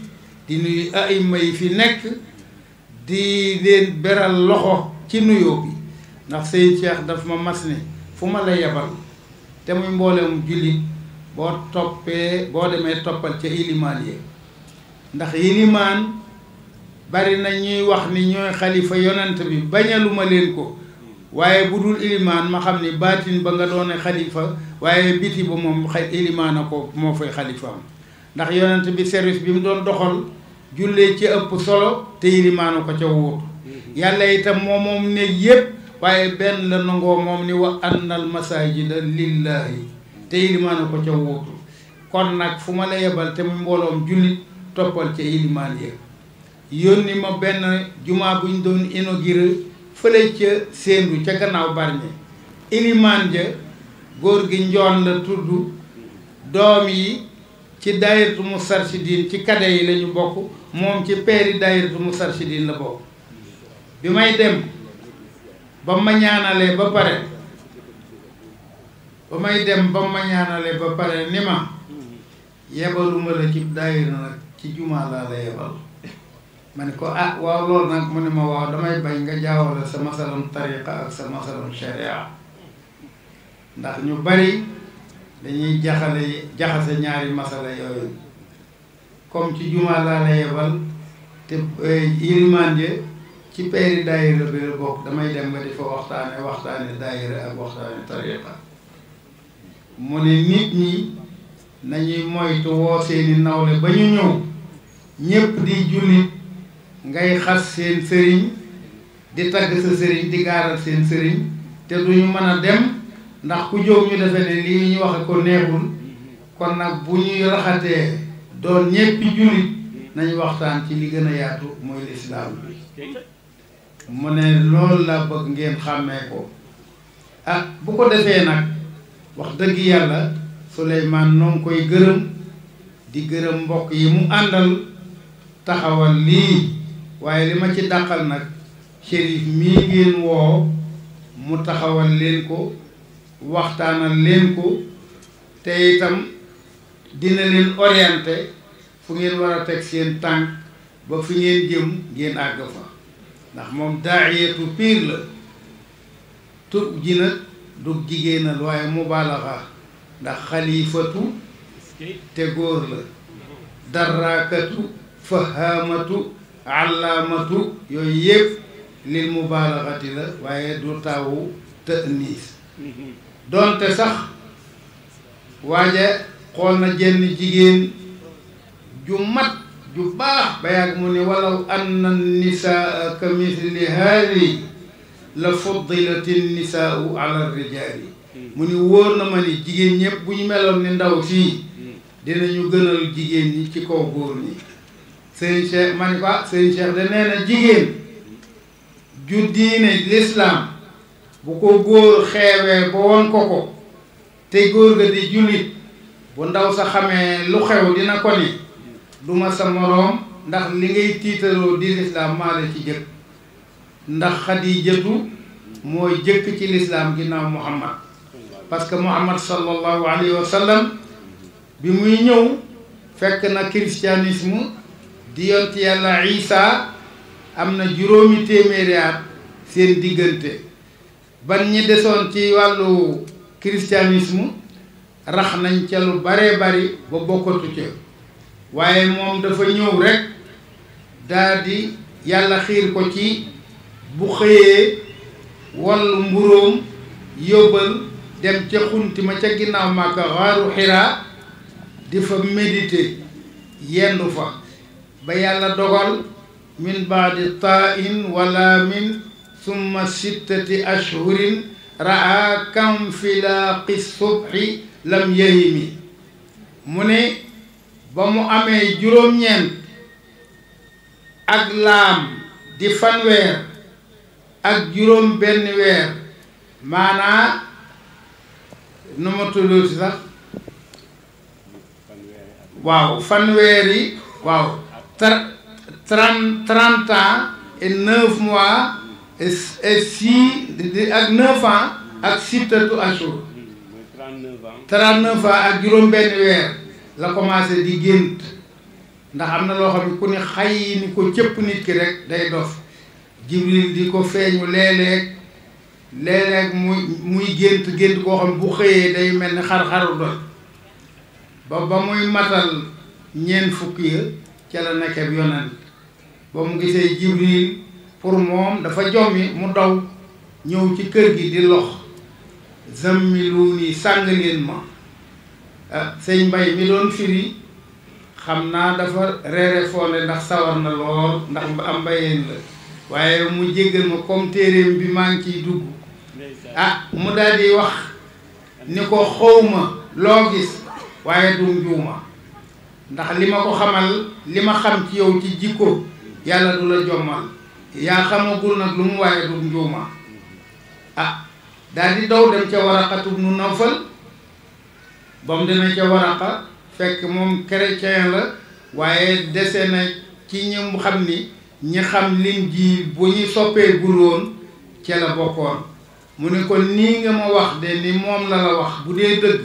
di nuyu aima yi fi nekk di leen beral loxo ci nuyoo bi ndax Seydi Cheikh daf ma mas ne fu ma la yebal te muy mbooleem jullit boo toppee boo demee toppal ca ilimaan yi ndax ilimaan bari na ñuy wax ni ñooy xalifa yonent bi bañaluma leen ko waaye bu dul ilimaan ma xam ni baatin ba nga doone xalifa waaye biti ba moom ilimaan a ko moo fay xalifaam ndax yonent bi service bi mu doon doxal jullee ci ëpp solo te ilimaanu ko ca wuutu yàlla itam moom moom néeg yépp waaye benn la nangoo moom ni wa annal masajida lillahi te yilimaana ko ca wuutu kon nag fu ma la yebal te mu mbooloom jullit toppal ca yilimaan ya yónni ma benn jumaa bu ñu doon inauguré fële ca Sendou ca gannaaw Bargny ilimaan ja góor gi njoon la tudd doom yi ci daayiratu Moustarchidine ci kade yi lañu bokk moom ci peeri daayiratu Moustarchidine la bokk bi may dem ba ma ba pare ba may dem ba ma ñaanale ba pare ni ma yebaluma la ci daayira nag ci jumaa laa la yebal ma ne ko ah waaw loolu nag mu ne ma waaw damay bañ nga jaawale sa masalam tariqa ak sa masalam sharia ndax ñu bari dañuy jaxale jaxase ñaari masala yooyu comme ci jumaa laa la yebal te eh, yilimaan je ci peeri daayira bi la bokk damay dem nga di fa waxtaane waxtaane daayira ak waxtaane tariqa mu ne nit ñi nañuy moytu woo seeni nawle ba ñu ñëw ñépp di jullit ngay xas seen sëriñ di tagg sa sëriñ di gaaral seen sëriñ te duñu mën a dem ndax ku jóg ñu defe ne lii ñu waxe ko neexul kon nag bu ñuy raxatee doon ñéppi jullit nañu waxtaan ci li gën a yaatu mooy lislaam bi mu ne loolu la bëgg ngeen xàmmee ko ah bu ko defee nag wax dëgg yàlla Souleymane noo ngi koy gërëm di gërëm mbokk yi mu àndal taxawal lii waaye li ma ci dàqal nag Chérif mii ngeen woo mu taxawal leen ko waxtaanal leen ko te itam dina leen orienté fu ngeen war a teg seen tànk ba fi ngeen jëm ngeen àgg fa ndax moom daayatu piir la tur ji nag du jigéenal waaye mubaalaxa ndax xalifatu te góor la daraakatu fahaamatu allaamatu yooyu yëpp lil mubaalaxati la waaye du taawu tëniis doonte sax waaje xool na jenn jigéen ju mat ju baax ba yàgg mu ne walaw anna nisaa ka misli haadi la fuddilati nisaau ala rijaali mu ni wóor na ma ni jigéen ñëpp bu ñu meloon ni ndaw fii dinañu gënal jigéen ñi ci kaw góor ñi sëñ Cheikh ma ni ko ah da nee na jigéen ju diine lislaam bu ko góor xeewee ba ko ko te góor ga di jullit bu ndaw sa xamee lu xew dina ko ni du sa moroom ndax li ngay tiitaroo di lislaam maa la ci jëkk ndax xadijatu mooy jëkk ci lislaam ginnaaw muhammad parce que muhammad sallallahu alayhi wa sallam bi muy ñëw fekk na christianisme di yont yàlla isa am na juróomi téeméeri seen diggante ban ñi desoon ci wàllu christianisme rax nañ ca lu bare bari ba bokkatu ca waaye moom dafa ñëw rek daa di yàlla xiir ko ci bu xëyee wallu mburóom yóbbal dem ca xunti ma ca ginnaaw màkka xaaru xiraa di fa méditer yendu fa ba yàlla dogal min baadi tain wala min summa sittati ashhurin raa kam filaaqi subhi lam yahimi mu ne ba mu amee juróom-ñeent ak laam di fanweer ak juróom benn weer maanaa nu ma tudduti sax waaw fanweeri waaw trente trente ans et neuf mois et six ak neuf ans ak sittatu ashur trente neuf ans ak juróom benn weer la commencé di gént ndax am na loo xam ne ku ni xay ni ko cëpp nit ki rek day dof jibril di ko feeñu léeg-léeg léeg muy muy gént gént koo xam bu xëyee day mel ni xar-xaru doy ba ba muy matal ñeent fukk ya ca la nekkeb yonent ba mu gisee jibril pour moom dafa jommi mu daw ñëw ci kër gi di lox zammilu ni sàng leen ma ah, sëñ mbay mi doon firi xam naa dafa reere foone ndax sawar na lool ndax am mbayeen la waaye mu jéggal ma comme téeréem bi maa ngi ciy dugg ah mu daal di wax ni ko xawma loo gis waaye du njuuma ndax li ma ko xamal li ma xam ci yow ci jikko yàlla du la jommal yaa xamagul nag lu mu waaye du njuuma ah daal di daw dem ca waraqatu nu nawfal ba mu demee ca waraqa fekk moom chrétien la waaye dese na ci ñi mu xam ni ñi xam lim ji bu ñu soppee gul woon ca la bokkoon mu ne ko nii nga ma wax de ni moom la la wax bu dee dëgg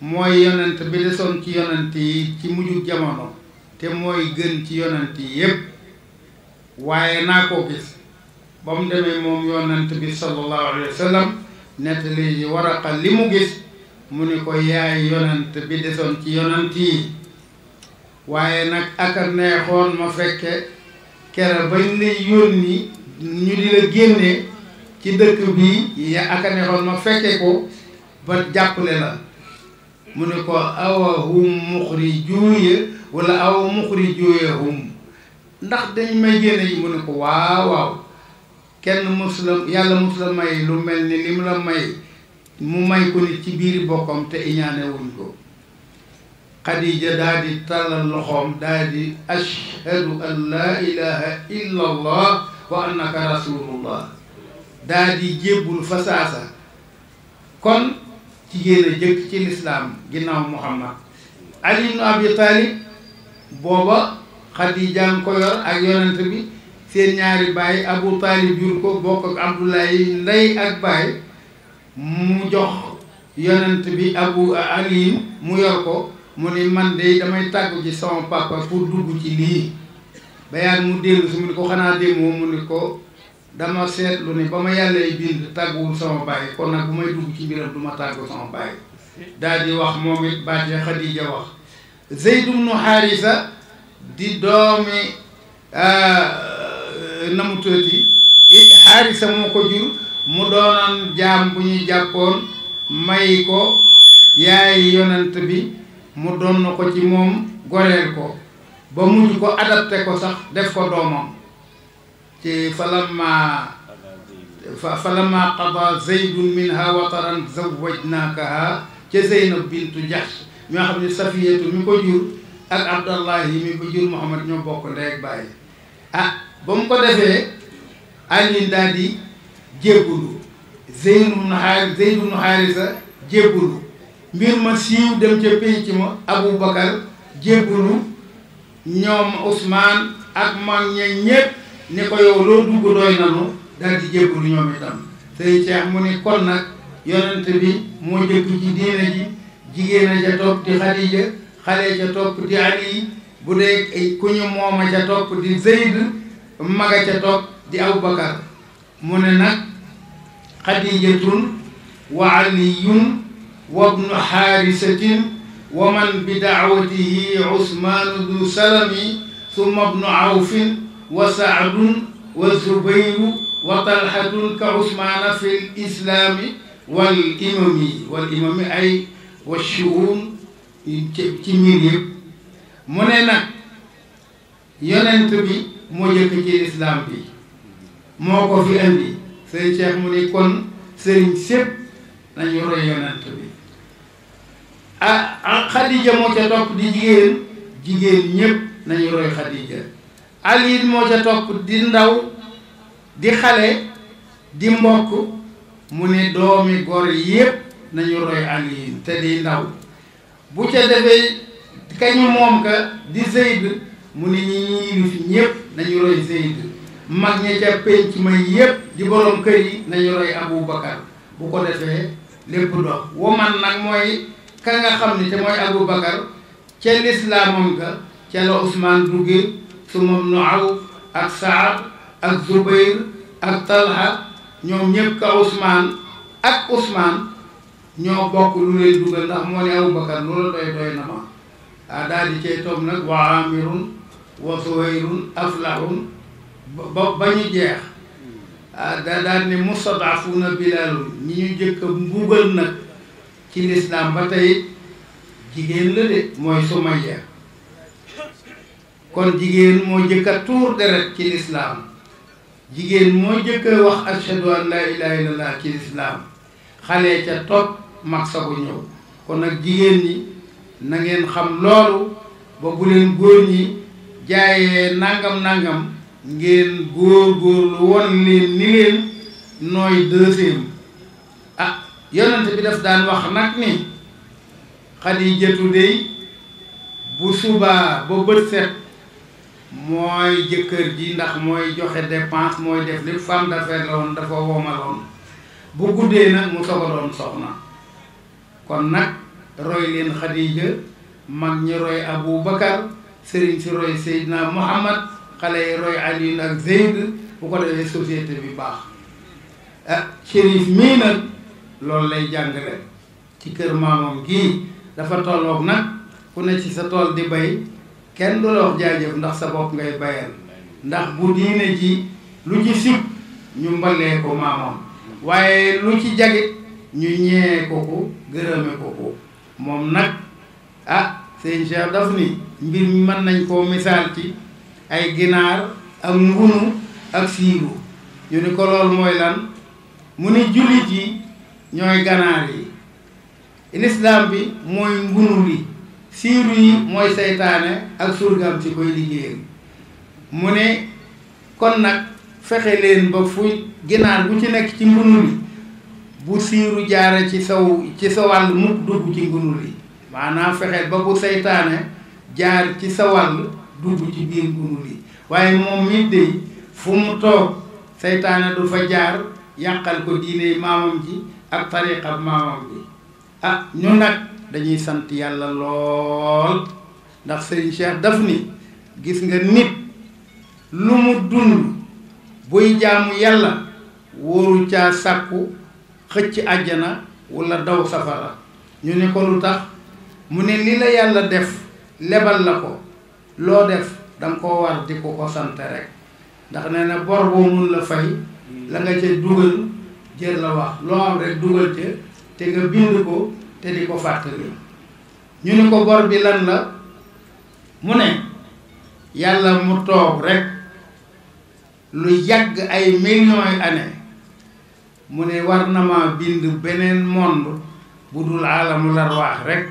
mooy yonent bi desoon ci yonent yi ci mujjug jamono te mooy gën ci yonent yi yépp waaye naa ko gis ba mu demee moom yonent bi sallallahu alayhi wa sallam ji Waraqa li mu gis mu ne ko yaay yonent bi desoon ci yonent yi waaye nag aka neexoon ma fekke kere bañ lay yónni ñu di la génnee ci dëkk bi ya aka neexoon ma fekke ko ba jàppale la mu ne ko awahum muxrijuuya wala aw muxrijuuyahum ndax dañ may génne yi mu ne ko waaw waaw kenn mos la yàlla mos la may lu mel ni li mu la may mu may ko nit ci biir bokkam te iñaanewuñ ko Xadija daa di tàllal loxoom daa ashhadu an laa ilaha illa wa annaka rasulullah daa di jébbul fa kon jigéen a jëkk ci lislaam ginnaaw muhammad ali ibnu abi booba Xadija ko yor ak yonent bi seen ñaari baay abu talib jur ko bokk ak abdullahi ndey ak baay mu jox yonent bi abu ali mu yor ko mu ni man de damay tàggu ci sama papa pour dugg ci lii bayaan mu dellu si mu ni ko xanaa démoo mu ni ko dama seetlu ni ba ma yàllay bind tàgguwul sama bàyyi kon nag bu may dugg ci mbiram du ma tàggu sama bàyyi daal di wax moom it baat ya Xadija wax Zayd ibnu Haarisa di doomi euh, namu tëti Haarisa moo ko jur mu doonoon jaam bu ñu jàppoon may ko yaay yonent bi mu doon na ko ci moom goreel ko ba mujj ko adapté ko sax def ko doomam ci falamma falamma qada zaydun minha wataran zawajnakaha ca zeynab bintu jaxsh ñoo xam ne safiyatu mi ko jur ak abdallahi mi ko jur muhammad ñoo bokk ndey ak bàyyi ah ba mu ko defee alin daal di jébbulu zeynub nu xaar zeynub nu xaarisa jébbulu mbir ma siiw dem ca pénc ma Abu Bakar jébbalu ñoom Ousmane ak mag ñe ñépp ni ko yow loo dugg doy nanu dal di ñoom itam sëñ Cheikh mu ni kon nag yonent bi moo jëkk ci diine ji jigéen a ca topp di Xadija xale ca topp di Ali bu dee ku ñu mooma ca topp di Zeyd maga ca topp di Abu Bakar mu ne nag Xadijatun wa Aliyun وابن حارسة ومن بدعوته عثمان ذو سلم ثم ابن عوف وسعد والزبير وطلحة كعثمان في الإسلام والإمم والإمم أي والشؤون ci mbir yëpp mu ne nag yonent bi moo jëkk ci islam bi moo ko fi indi sëriñ Cheikh mu ne kon sëriñ sépp nañu roy yonent bi a ah, ah Khadija moo ca topp di jigéen jigéen ñépp nañu roy Khadija Ali moo ca topp di ndaw di xale di mbokk mu ne doomi gor yépp nañu roy Ali te di ndaw bu ca defee kañu moom ka di Zeyd mu ne ñi ñuy yilif ñépp nañu roy Zeyd mag ña ca penc ma yépp di borom kër yi nañu roy Aboubacar bu ko defee lépp dox waman nag mooy ka nga xam ne te mooy Abu Bakar ca lislaamam ga ca la Ousmane duggee nu aw ak Saad ak Zubayr ak Talha ñoom ñëpp ka Ousmane ak Ousmane ñoo bokk lu lay dugal ndax moo ne Abu Bakar loola doy doy na ma daal di cay toog nag wa amirun wa suwayrun aflahun ba ba ñu jeex ah daa daal ne mustadafuna ñi ñu jëkk a nag ci lislaam ba tey jigéen la de mooy Sumayya kon jigéen moo jëkk a tuur deret ci lislaam jigéen moo jëkk wax ashhadu an laa ilaaha illallaah ci lislaam xale ca topp mag sa ko ñëw kon nag jigéen ñi nangeen xam loolu ba bu leen góor ñi jaayee nangam nangam ngeen góor góorlu won leen ni leen nooy deuxième yonent bi daf daan wax nag ni xadijatu dey bu subaa ba bët set mooy jëkkër ji ndax mooy joxe dépense mooy def lépp femme d'affaires la woon dafa woomaloon bu guddee nag mu soog a soxna kon nag roy leen xadija mag ñi roy abou bakar sëriñ si roy seydina muhammad xale yi roy aliyun ak zeyd bu ko defee société bi baax ah chérif mii loolu lay jàngale ci kër maamoom gii dafa tolloog nag ku ne ci sa tool di bay kenn du la wax ndax sa bopp ngay bayal ndax bu diine ji lu ci sib ñu mbalee ko maamoom waaye lu ci jagit ñu ñee ko ko gërëme ko ko moom nag ah seen Cheikh daf ni mbir mi mën nañ koo misaal ci ay ginaar ak ngunu ak siiru ñu ni ko loolu mooy lan mu ni jullit yi ñooy ganaar yi lislaam bi mooy ngunu li siiru yi mooy seytaane ak surgam ci koy liggéeyal mu ne kon nag fexe leen ba fu ginaar bu ci nekk ci ngunu li bu siiru jaare ci saw ci sa wàll mukk dugg ci ngunu li maanaam fexe ba bu seytaane jaar ci sa wàll dugg ci biir ngunu li waaye moom mi dey fu mu toog seytaane du fa jaar yàqal ko diine maamam ji ak tariqa maamam bi ah ñu nag dañuy sant yàlla lool ndax sëriñ Cheikh daf ni gis nga nit lu mu dund buy jaamu yàlla wóoru caa sàkku xëcc àjjana wala daw safara ñu ne ko lu tax mu ne li la yàlla def lebal la ko loo def danga ko war di ko ko sant rek ndax nee na bor boo mun la fay la nga ca dugal jër la wax loo am rek dugal ca te nga bind ko te di ko fàttali ñu ne ko bor bi lan la mu ne yàlla mu toog rek lu yàgg ay millions yi mu ne war na ma bind beneen monde bu dul aalamu larwaax rek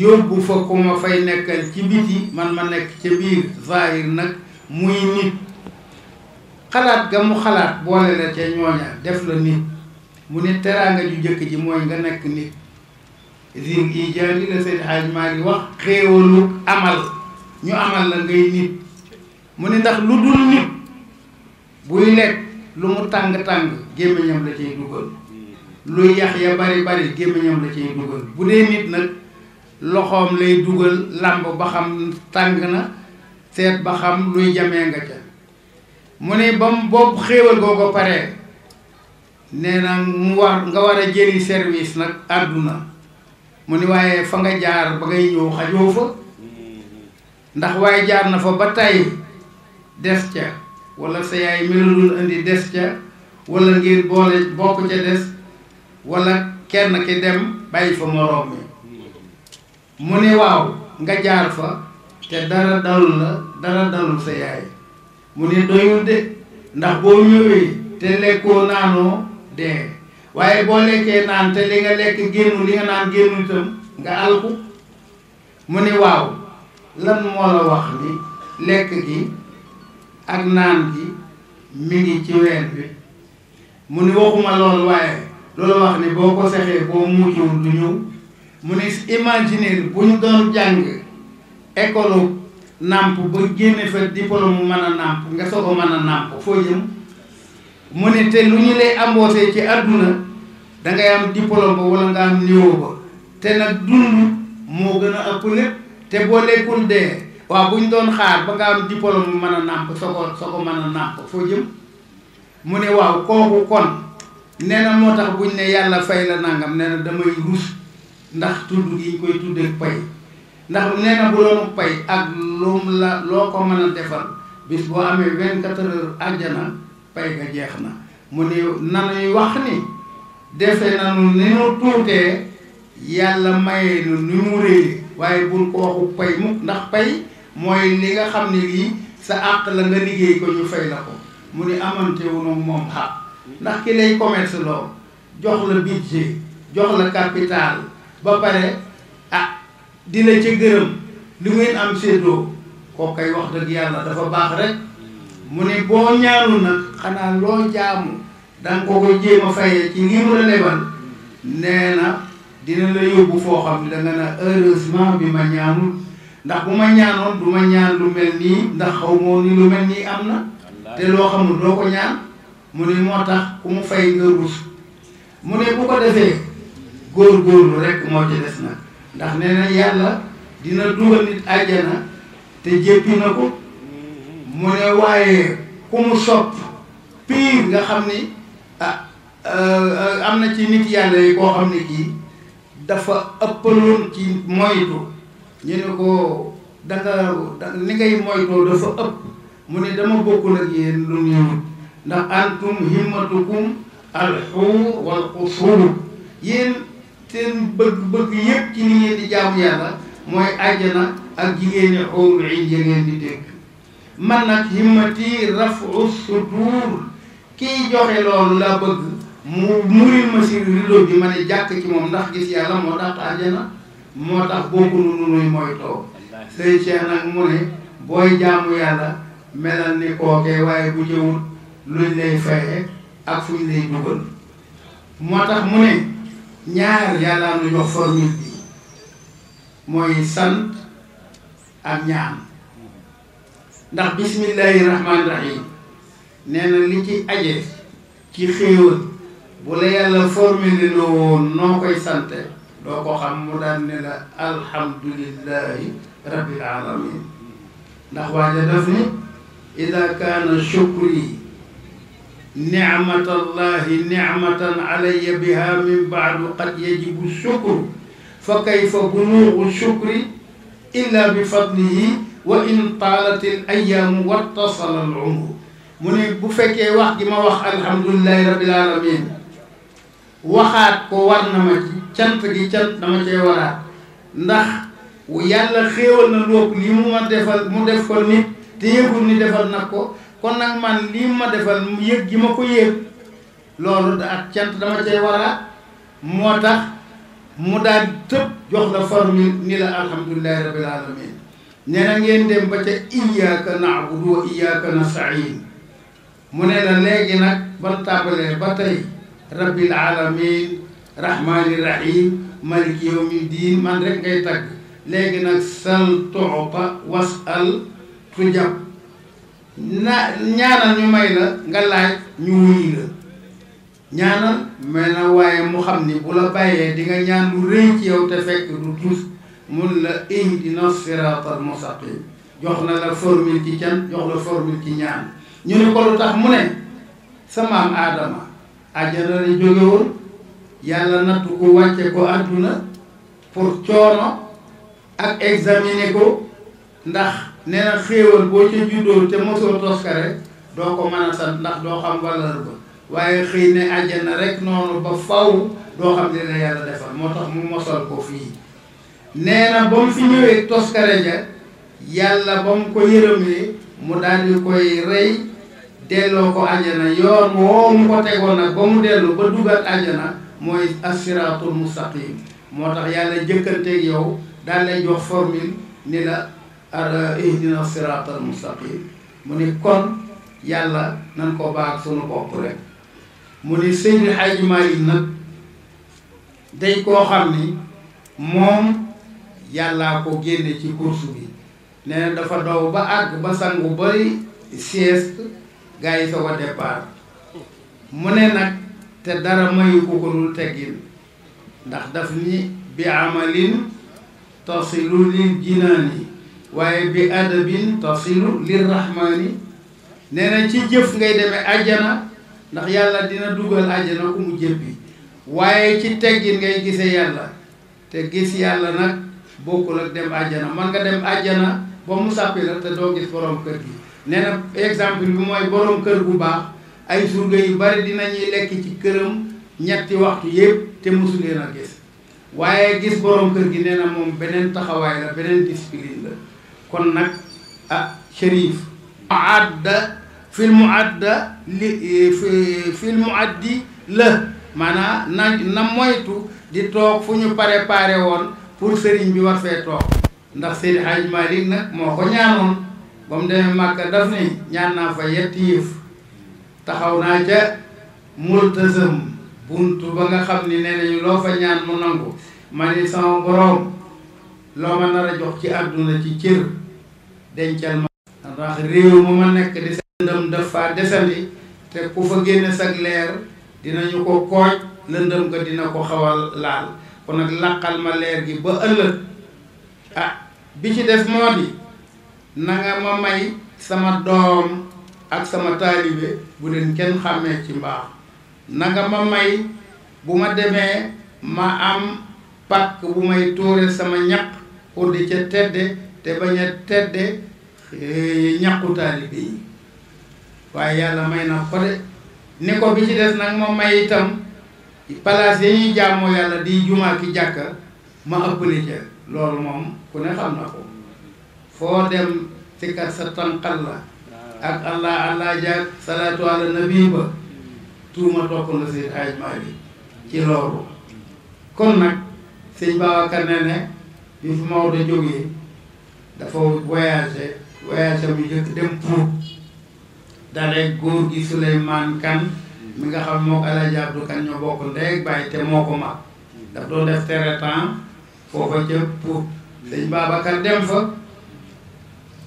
yóbbu fa ku ma fay nekkal ci biti man ma nekk ca biir zahir nag muy nit xalaat ga mu xalaat boole la ca ñooña def la nit mu ne teraanga ju jëkk ji mooy nga nekk nit zig yi jaani la seen xaaj maa wax xéewalu amal ñu amal la ngay nit mu ne ndax lu dul nit buy lekk lu mu tàng-tàng gémmiñam la cay dugal lu yax ya bari bari gémmiñam la cay dugal bu dee nit nag loxoom lay dugal làmb ba xam tàng na seet ba xam luy jamee nga ca mu ne ba mu boobu xéewal goo ko pare nee na mu war nga war a jëli service nag àdduna mu ni waaye fa nga jaar ba ngay ñëw xajoo fa ndax waaye jaar na fa ba tàyyi des ca wala sa yaay melalul indi des ca wala ngir boole bokk ca des wala kenn ki dem bàyyi fa moroom mi mu ne waaw nga jaar fa te dara dalul dara dalul sa yaay mu ne doyul de ndax boo ñëwee te lekkoo naanoo dee waaye boo lekkee naan te li nga lekk génnu li nga naan génnu itam nga alku mu ne waaw lan moo la wax ni lekk gi ak naan gi mu ngi ci weer bi mu ne waxuma loolu waaye loolu wax ni boo ko sexee boo mujjul du ñëw mu ne imaginer bu ñu doon jàng école nàmp ba génne fa diplôme mu mën a nàmp nga soog a mën a nàmp foo jëm mu ne te lu ñu lay embauché ci àdduna dangay am diplôme ba wala nga am niveau ba te nag dund moo gën a ëpp lépp te boo lekkul dee waaw bu ñu doon xaar ba nga am diplôme mu mën a nàmp soo ko soo ko man a nàmp foo jëm mu ne waaw kooku kon nee moo tax buñ ne yàlla fay la nangam nee na damay rus ndax tudd gi ñu koy tuddee pay ndax nee na bu doon pay ak lum la loo ko mën a defal bis boo amee vingt quatre heures àjjana pay ga jeex na mu ne nanuy wax ni defe nanu ni nu tuutee yàlla mayee ni mu réeri waaye bul ko waxu pay mukk ndax pay mooy li nga xam ne lii sa àq la nga liggéey ko ñu fay la ko mu ni amante wunu moom xaq ndax ki lay commerce loo jox la budget jox la capital ba pare ah dina ca gërëm li ngeen am séddoo koo koy wax dëgg yàlla dafa baax rek mu ne boo ñaanu nag xanaa loo jaamu danga ko koy jéem a fayee ci lii mu la lebal nee na dina la yóbbu foo xam ne da heureusement bi ma ñaanul ndax bu ma ñaanoon du ma ñaan lu mel nii ndax xaw moo ni lu mel nii am na te loo xamul doo ko ñaan mu ne moo tax ku mu fay nga rus mu ne bu ko defee góor góorlu rek moo ci des nag ndax nee na yàlla dina dugal nit àjjana te jéppi na ko mu ne waaye ku mu sopp piir nga xam ni ah, euh, am na ci nit yàlla yi koo xam ne kii dafa ëppaloon ci moytu ñu ne ko danga li ngay moytoo dafa ëpp mu ne dama bokkul ak yéen lu ñëwut ndax antum himmatukum alxuur wal xusuur yéen seen bëgg-bëgg yépp ci ni ngeen jaamu yàlla mooy àjjana ak jigéen ñi xóoru yi ngeen di dégg man nag himmati rafu sudur kiy joxe loolu laa bëgg mu muril ma si rido bi ma ne jàkk ci moom ndax gis yàlla moo tax àjjana moo tax bokku nu nuy mooy too sëy Cheikh nag mu ne booy jaamu yàlla melal ni kookee waaye bu jëwul luñ lay faye ak fuñ lay dugal moo tax mu ne ñaar yàlla am lu ñu wax bi mooy sant ak ñaan ndax bismillahi rahmaani rahim nee na li ci aje ci xéewal bu la yàlla formule la woon noo koy sante doo ko xam mu daan ne la alhamdulillahi rabbil alamin ndax waaja daf ni ida kaana shukri nicmatallahi nicmatan alayya biha min baadu qad yajibu shukru fa kayfa bunuugu shukri illa bi fadlihi wa in taalat al ayaamu wattasala al umru mu ne bu fekkee wax gi ma wax alhamdulilahi rabil alamin waxaat ko war na ma ci cant gi cant dama cee waraat ndax yàlla xéewal na loog li mu ma defal mu def ko nit te yëgul ni defal na ko kon nag man lii ma defal yëg gi ma ko yëg loolu ak cant dama cay war moo tax mu daal tëb jox la formule ni la alhamdulilahi rabbil alamin nee na ngeen dem ba ca iyyaka na'budu wa iyyaka nasta'in mu ne la léegi nag ban tàmbalee ba tey rabbil alamin rahmani rahim maliki yawmi diin man rek ngay tagg léegi nag sal tuuta wasal tujab na ñaanal ñu may la nga laaj ñu wuyu la ñaanal may na waaye mu xam ni bu la bàyyee di nga ñaan lu rëy ci yow te fekk lu tus mun la ihdina siraatal mustaqim jox na la formule ci can jox la formule ci ñaan ñu ne ko lu tax mu ne sa maam aadama àjjana la jóge yàlla nattu ko wàcce ko àdduna pour coono ak examiner ko ndax nee na xéewal boo ca juddoo te mosoo toskare doo ko mën a sant ndax doo xam valeur ba waaye xëy ne àjjana rek noonu ba faw doo xam dina yàlla defal moo tax mu mosal ko fii nee ba mu fi ñëwee toskare ja yàlla ba mu ko yërëmee mu daal di koy rey delloo ko àjjana yoon moo mu ko tegoon nag ba mu dellu ba dugal àjjana mooy assiraatul mustaqim moo tax yàlla jëkkanteeg yow daal jox formule ni la ar ihdina siraatal mustaqim mu ni kon yàlla nan ko baax sunu bopp rek mu ni Seydi Hadji Malick nag day koo xam ni moom yàllaa ko génne ci course bi nee na dafa daw ba àgg ba sangu bay sieste gars yi soog a mu ne nag te dara mayu ko ko dul teggin ndax daf ni bi amalin tasilu lil jinaani waaye bi adabin tasilu lirrahmani nee na ci jëf ngay demee àjjana ndax yàlla dina dugal ajjana ku mu bi waaye ci teggin ngay gise yàlla te gis yàlla nag bokkul ak dem ajjana man nga dem àjjana ba mu sàppi la te doo gis borom kër gi nee exemple bi mooy borom kër bu baax ay surga yu bari dinañuy lekk ci këram ñetti waxtu yépp te mosu leen a gis waaye gis borom kër gi nee na moom beneen taxawaay la beneen discipline la kon nag ah shérif muadda fil muadda li eh, fil muaddi la maanaam na na moytu di toog fu ñu préparé woon pour sëriñ bi war fee toog ndax Seydi Hadj Malick nag moo ko ñaanoon ba mu demee Màkka daf ni ñaan naa fa yetti yëf taxaw naa ca multazam buntu ba nga xam ni nee nañu loo fa ñaan mu nangu ma sama boroom loo ma nar a jox ci àdduna ci cër dencal ma ndax réew mu ma nekk di sa lëndëm dafa desandi te ku fa génne sag leer dinañu ko kooj lëndëm ko dina ko xaw laal kon nag làqal ma leer gi ba ëllëg ah bi ci def moo di na ma may sama doom ak sama taalibe bu leen kenn xàmmee ci mbaax na ma may bu ma demee ma am pàkk bu may tuure sama ñaq pour di ca tedde te bañ a tedde eh, ñàkku taalibe yi waaye yàlla may na ko de ni ko bi ci des nag moom may itam palaas yi ñuy jaamoo yàlla di jumaa ki jàkka ma ëppale ca loolu moom ku ne xam na ko foo dem sikkat sa tànqal la ah. ak allah allah jaag salaatu ala nabi ba tuuma na si ajmaa bi ci loolu kon nag sëñ Babacar ne ne bi fi Maodo jógee dafa voyagé voyagé bu njëkk dem Pout dalee góor gi Souleymane Kane mi nga xam moo ko El Hadj Abdou Kane ñoo bokk ndey ak bàyyi te moo ko mag daf doon def terretan foofa ca Pout sëñ Babacar dem fa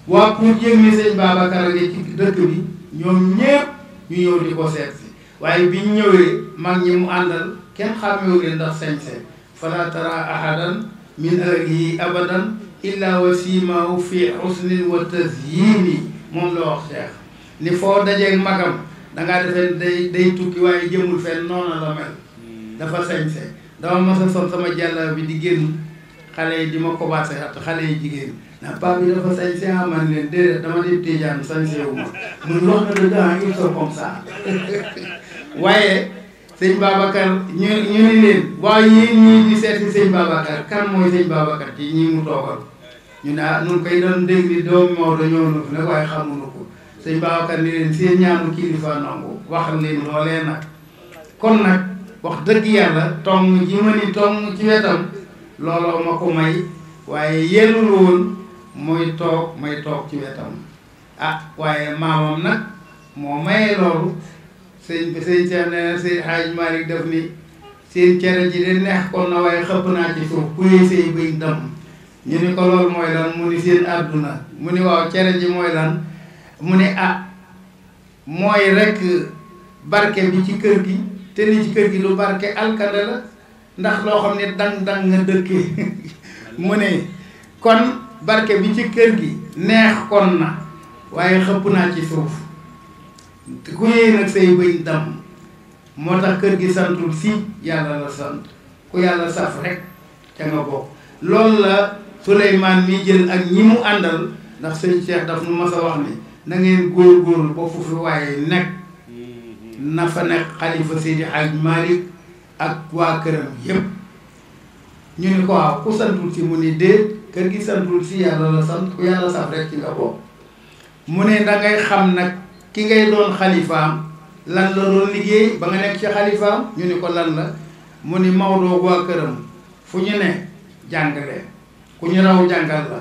waa Pout yëg ni sëñ Babacar nga ci dëkk bi ñoom ñépp ñu ñëw di ko seet si waaye biñ ñëwee mag ñi mu àndal kenn xàmmewu leen ndax sañ-sañ fala ahadan min yii abadan illa wa simaahu fi husnin wa tazyini moom la wax Cheikh ni foo dajeeg magam dangaa defee day day tukki waaye jëmul fenn noonu la mel dafa sañse dama mas a sol sama jàlla bi di génn xale yi di ma commencé at xale yi jigéen na paa bi dafa sañse ah leen déedéet dama dee téejaan sañse mun wax na dëgg ah il comme ça waaye sëñ Babacar ñu ñu ne leen waaye yéen ñii di seet si sëñ Babacar kan mooy sëñ Babacar ci ñi mu toogal ñu ne ah nun koy doon dégg ni doomi Maodo ñëw nag waaye xamuñu ko sëñ Babacar ni leen seen ñaanu kilifa nangu waxal leen loolee nag kon nag wax dëgg yàlla tong ji ma ni tong ci wetam looloo ma ko may waaye yellul woon mooy toog may toog ci wetam ah waaye maamam nag moo maye loolu sëñ sëñ Cheikh nee na sëñ Hadj Malick def ni seen cere ji de neex kon na waaye xëpp naa ci suuf ku yee sëy bëy dam ñu ni ko mooy lan mu ni seen àdduna mu ni waaw cere ji mooy lan mu ni ah mooy rekk barke bi ci kër gi te ni ci kër gi lu barke alkande la ndax loo xam ne dang-dang nga dëkkee mu ne kon barke bi ci kër gi neex kon na waaye xëpp naa ci foofu ku yee nag say bëñ dam moo tax kër gi santul si yàlla la sant ku yàlla saf rek ca nga bokk loolu la Souleymane mi jël ak ñi mu àndal ndax sëñ Cheikh daf nu ma a wax ni na góor góorlu ba fu fi waaye nekk na fa nekk xalifa Seydi Hadj Malick ak waa këram yépp ñu ni ko waaw ku santul si mu ni déet kër gi santul si yàlla la sant ku yàlla saf rek ci nga bokk mu ne da xam nag ki ngay doon xalifaam lan la doon liggéey ba nga nekk ci xalifaam ñu ni ko lan la mu ni Maodo waa këram fu ñu ne jàngale ku ñu raw jàngal la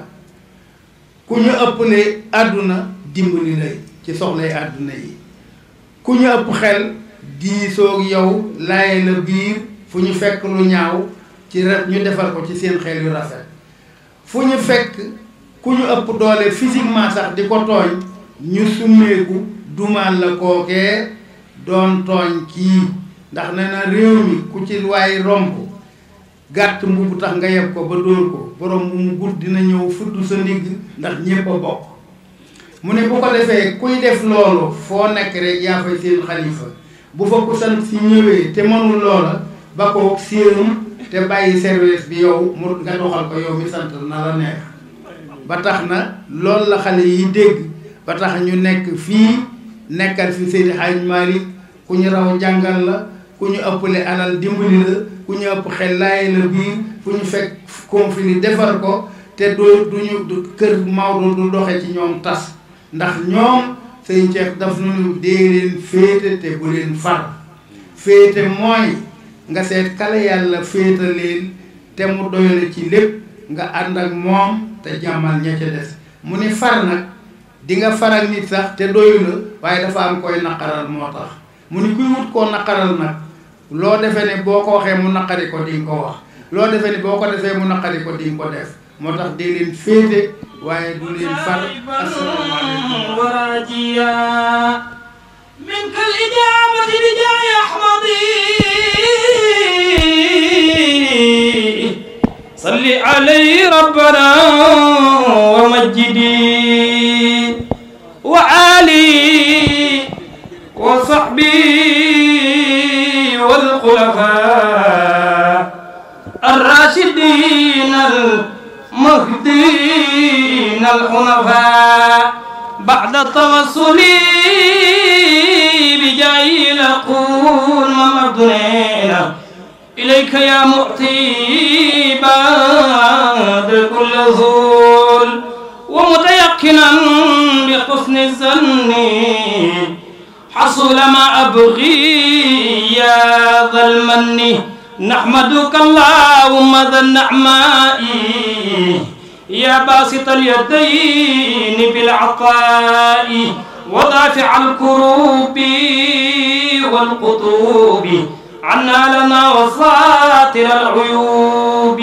ku ñu ëppale àdduna dimbali lay ci soxlay àdduna yi ku ñu ëpp xel diisoog yow laaye la biir fu ñu fekk lu ñaaw ci ra ñu defar ko ci seen xel yu rafet fu ñu fekk ku ñu ëpp doole physiquement sax di ko tooñ ñu summeeku dumaal la kookee doon tooñ kii ndax ne na réew mi ku ci waay romb gàtt mbubu tax nga yeb ko ba dóor ko borom bu mu gudd dina ñëw fudd sa ndigg ndax ñépp bokk mu ne bu ko defee kuy def loolu foo nekk rek yaa fay seen xalifa bu fa ku sant si ñëwee te mënul loola ba ko séenum te bàyyi service bi yow mu nga doxal ko yow mi sant na la neex ba tax na loolu la xale yi dégg ba tax ñu nekk fii nekkat fi Seydi Hadj Malick ku ñu raw jàngal la ku ñu ëppale alal dimbali la ku ñu ëpp xel laay la biir fu ñu fekk conflit defar ko te doo duñu kër Maodo du doxe ci ñoom tas ndax ñoom sëñ Cheikh daf nu dee leen féete te bu leen far féete mooy nga seet kale yàlla féeta leen te mu doy ci lépp nga ànd ak moom te jàmmal ña ca des mu ni far nag di nga faral nit sax te doyu na waaye dafa am koy naqaral moo tax mu ni kuy wut koo naqaral nag loo defee ne boo ko waxee mu naqari ko di ko wax loo defee ne boo ko defee mu naqari ko di ko def moo tax dee leen féete waaye du leen far asalaamaaleykum warajiya min kal ijaabati bi jaay salli alayhi rabbana wa majjidi وآلي وصحبي والخلفاء الراشدين المهدين الحنفاء بعد توصلي بجاي لقول مردنا إليك يا معطي بعد كل ذول ومتيقنا بحسن الظن حصل ما أبغي يا ذا المن نحمدك اللهم ذا النعماء يا باسط اليدين بالعطاء ودافع الكروب والقطوب عنا لنا وساتر العيوب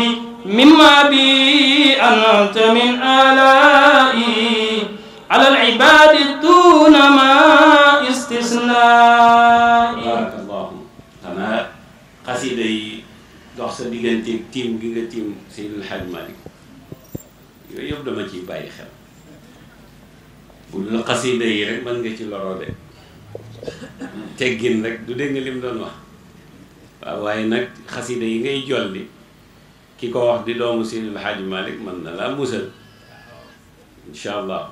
مما بي أنعمت من آلائي على العباد دون ما استثنائي بارك الله أما قصيدة dox sa digganteeg tiim gi nga tiim Seydil Hadj Malick yooyu yëpp dama ciy bàyyi xel bu la xasida yi rek mën nga ci loroo de teggin rek du dégg nga lim doon wax waaw waaye nag xasida yi ngay jolli ki ko wax di doomu Seydil Hadji Malick mën na laa musal incha allah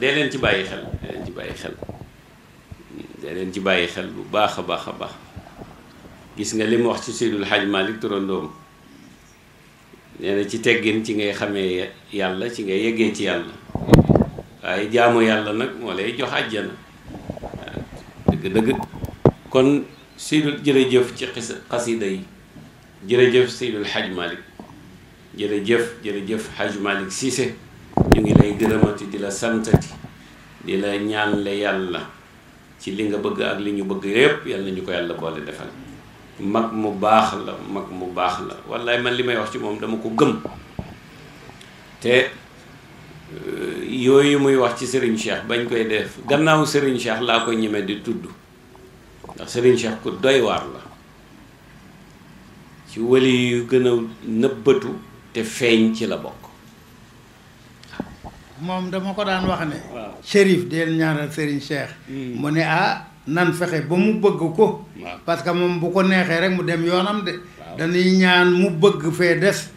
dee leen ci bàyyi xel dee leen ci bàyyi xel bu baax a baax a baax gis nga li wax ci Seydil Hadji Malick turandoom nee ci teggin ci ngay xamee yàlla ci ngay yeggee ci yàlla waaye jaamu yàlla nag moo lay jox àjjana dëgg dëgg kon Seydil jërëjëf ci xasida yi jërëjëf Seydil Hadj Malick jërëjëf jërëjëf Hadj Malick Cissé ñu ngi lay gërëmati di la santati di la ñaanle yàlla ci li nga bëgg ak li ñu bëgg yépp yàlla nañu ko yàlla boole defal mag mu baax la mag mu baax la wallaay man li may wax ci moom dama ko gëm te euh, yooyu muy wax ci Serigne Cheikh bañ koy def gannaaw Serigne Cheikh laa ko ñeme di tudd ndax Serigne Cheikh ku doy waar la ci wali yu gën a nëbbatu te feeñ ci la bokk moom dama ko daan wax ne shérif de ñaanal Serigne Cheikh hmm. mu ne ah nan fexe ba mu bëgg ko parce que moom bu ko neexee rek mu dem yoonam de dañuy ñaan mu bëgg fee des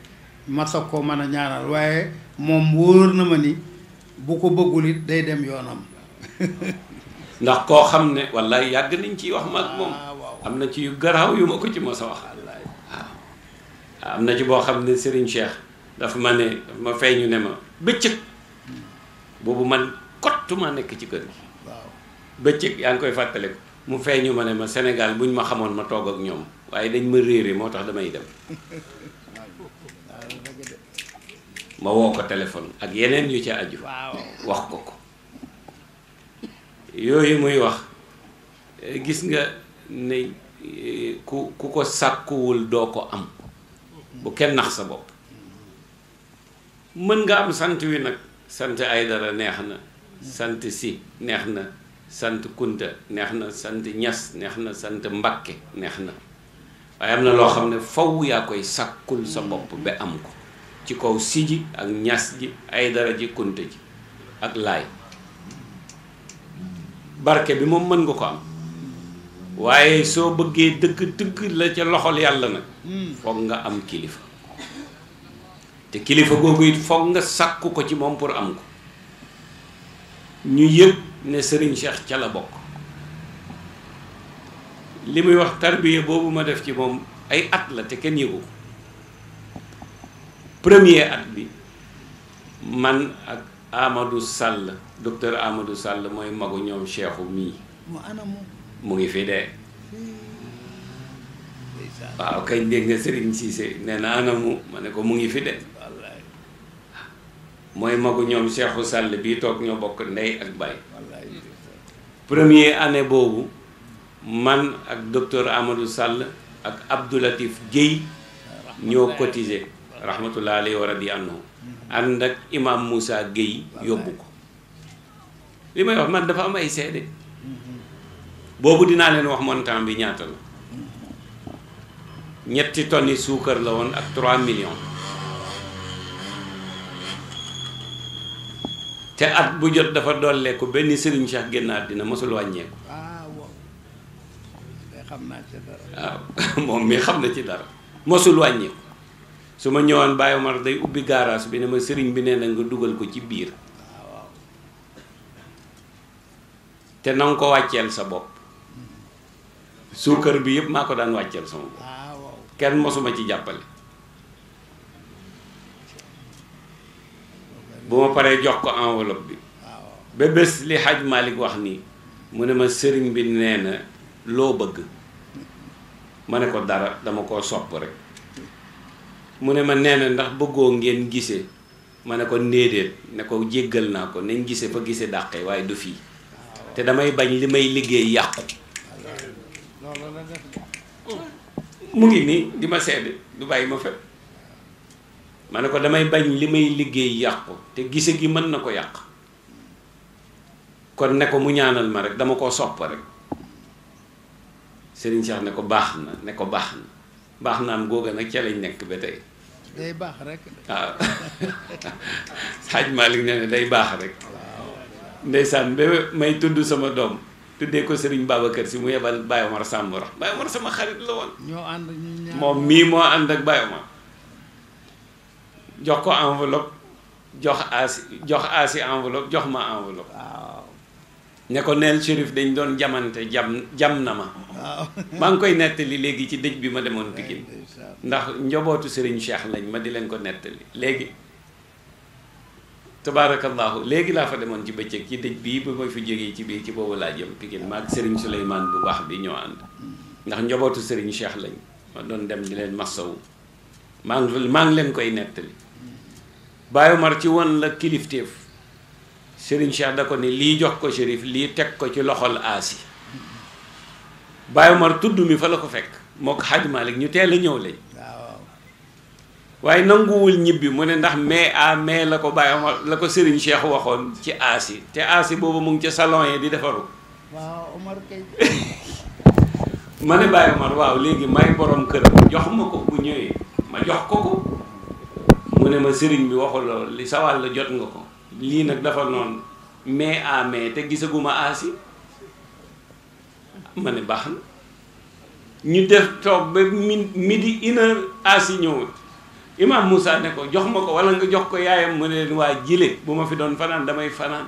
ma soog ko mën a ñaanal waaye moom wóor na ma ni bu ko bëggul it day dem yoonam ndax koo xam ne wallaay yàgg nañ ci wax ma moom ah, am na ci yu garaaw yu ma ko ci mos a wax am na ci boo xam ne Serigne Cheikh dafa ma ne ma feeñu ne ma bëccëg boobu man kottuma nekk ci kër gi bëccëg yaa ngi koy fàttaliku mu feeñu ma ne ma Sénégal buñ ma xamoon ma toog ak ñoom waaye dañ ma réere moo tax damay dem ma woo ko téléphone ak yeneen yu ci aju wax ko ko yooyu muy wax gis nga ne eh, ku ku ko sàkkuwul doo ko am bu kenn nax sa bopp mën nga am sant wi nag sant Aydara neex na sant si neex na sant kunta neex na sant ñas neex na sant mbakke neex na waaye am na loo xam ne faw yaa koy sàkkul sa bopp ba am ko ci kaw si ji ak ñas ji Aydara ji kunta ji ak laay barke bi moom mën nga ko am waaye soo bëggee dëkk dëkk la ca loxol yàlla nag hmm. foog nga am kilifa te kilifa googu it foog nga sàkku ko ci moom pour am ko ñu yëg ne Serigne Cheikh ca la bokk li muy wax tarbiya boobu ma def ci moom ay at la te kenn yëgu premier at bi man ak Amadou Sall docteur Amadou Sall mooy magu ñoom Cheikhu mii mu ngi fi dee waaw kañ dégg nga Serigne Cissé nee na anamu ma ne ko mu ngi fi de mooy magu ñoom Cheikhou Sall bi toog ñoo bokk ndey ak baay premier année boobu man ak docteur Amadou Sall ak Abdoulatif Guèye ñoo cotise rahmatullah alayhi wa radi anhu mhm. ànd ak imam Moussa Guèye yóbbu ko li may wax man dafa am ay seede boobu dinaa leen wax montant bi ñaata la ñetti tonni suukar la woon ak 3 millions te at bu jot dafa dolleeku benn Serigne Cheikh génn àddina mosul wàññeeku ah, waaw ah, moom mi xam na ci dara mosul wàññeeku su ma ñëwoon Baye Omar day ubbi gaaraas bi ne ma Serigne bi nee nga dugal ko ci biir ah, te na ko wàcceel sa bopp suukar bi yépp maa ko daan wàcceel sama bopp ah, kenn mosuma ci jàppale bu ma paree jox ko enveloppe bi ah, ba bés li xaj Malick wax ni mu ne ma sëriñ bi nee na loo bëgg ma ne ko dara dama koo sopp rek mu ne ma nee na ndax bëggoo ngeen gisee ma ne ko ndéedéet ne ko jéggal naa ko nañ gisee fa gisee dàqee waaye du fii ah, te damay bañ li may liggéey yàqu mu ngi nii di ma seede du bàyyi ma fet ma ne ko damay bañ li may liggéey yàqu te gise gi mën na ko yàq kon ne ko mu ñaanal ma rek dama koo sopp rek Serigne Cheikh ne ko baax na ne ko baax na baax naam googa nag ca lañ nekk ba tey day baax rek waaw Hadj Malick ne ne day baax rek ndeysaan may tudd sama doom tuddee ko Serigne Babacar si mu yebal Baye Omar Samboura sama xarit la woon. ñoo ànd moom mii moo ànd ak Baye jox ko enveloppe jox aasi jox aasi enveloppe jox ma enveloppe. waaw ne ko neel Chérif dañ doon jamante jam jam na ma. maa ngi koy nettali léegi ci dëj bi ma demoon Pikine. ndax njobootu Serigne Cheikh lañ ma di leen ko nettali léegi. tabaarakallaahu léegi laa fa demoon ci bëccëg ci dëj bi ba ma fi jógee ci biir ci boobu laa jëm Pikine maag Serigne Souleymane bu baax bi ñoo ànd ndax njobootu Serigne Cheikh lañ ma doon dem di leen massawu maa maa ngi leen koy nettali Baye Omar ci won la kilifteef Serigne Cheikh da ko ne lii jox ko shérif lii teg ko ci loxol aasi Baye Omar tudd mi fa la ko fekk moo ko Hadj ñu teel a ñëw lañ waaye nanguwul ñibbi mu ne ndax mais a mais la ko bàyyi la ko Serigne Cheikh waxoon ci aasi te aasi boobu mu ngi ca salon yi di defaru waaw ma ne Baye Omar waaw léegi may borom këram jox ma ko bu ñëwee ma jox ko ko mu ne ma sëriñ bi waxuloo li sa wàll jot nga ko lii nag dafa noon mais à mais te gisaguma aasi ma ne baax na ñu def toog ba di une heure aasi ñëwut imaam Moussa ne ko jox ma ko wala nga jox ko yaayam mu ne leen waa jile bu ma fi doon fanaan damay fanaan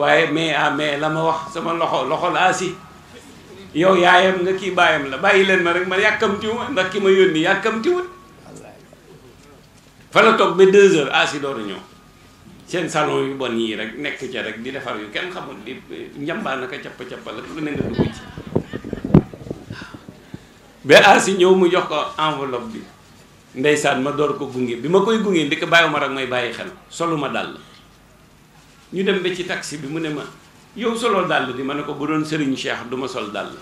waaye mais ah mais la ma wax sama loxo loxo laa si yow yaayam nga kii baayam la bàyyi leen ma rek man yàkkamtiwuma ndax ki ma yónni yàkkamtiwul fa la toog ba deux heures aasi ah, door a ñëw seen salon yu bon yii rek nekk ca rek di defar yu kenn xamul di njambaa a cappa-cappal ak lu ne nga dugg ci ba aasi ah, ñëw mu jox ko enveloppe bi ndeysaan ma door ko gunge bi ma koy gunge ndikk bàyyi ma may bàyyi xel solu ma dàll ñu dem ba ci taxi bi mu ne ma yow soloo dàll di ma ne ko bu doon Serigne Cheikh du ma sol dàll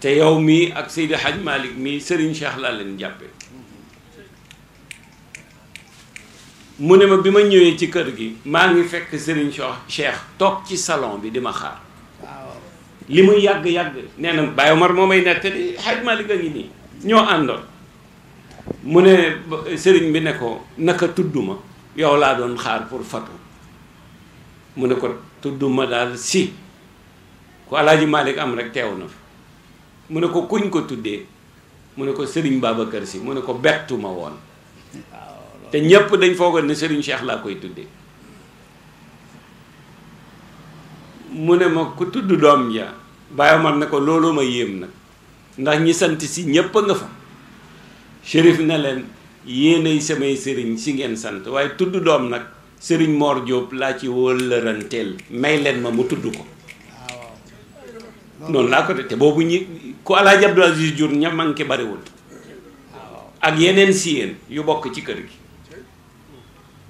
te yow mii ak Seydi Hadj Malick mii sëriñ seex laa leen jàppee mu ne ma bi ma ñëwee ci kër gi maa ngi fekk sëriñ Serigne Cheikh toog ci salon bi di ma xaar li mu yàgg-yàgg nee na Baye Omar moo may nettali Hadj Malick a ngi nii ñoo àndoon mu ne sëriñ bi ne ko naka tudd ma yow laa doon xaar pour fatu mu ne ko tudd ma daal si ku alaaji Malick am rek teew na fi mu ne ko kuñ ko tuddee mu ne ko sëriñ kër si mu ne ko bettu ma woon te ñépp dañ foogoon ne sëriñ Cheikh laa koy tuddee mu ne ma ku tudd doom ja bàyyi ma ne ko loolu ma yéem nag ndax ñi sant si ñépp nga fa shérif ne leen yéenay samay sëriñ si ngeen sant waaye tudd doom nag sëriñ Mor jóob laa ci wëllëranteel may leen ma mu tudd ko noonu laa ko te boobu ñi ku Alaaji Abdou Aziz jur ña manqué bariwul ak yeneen siyeen yu bokk ci kër gi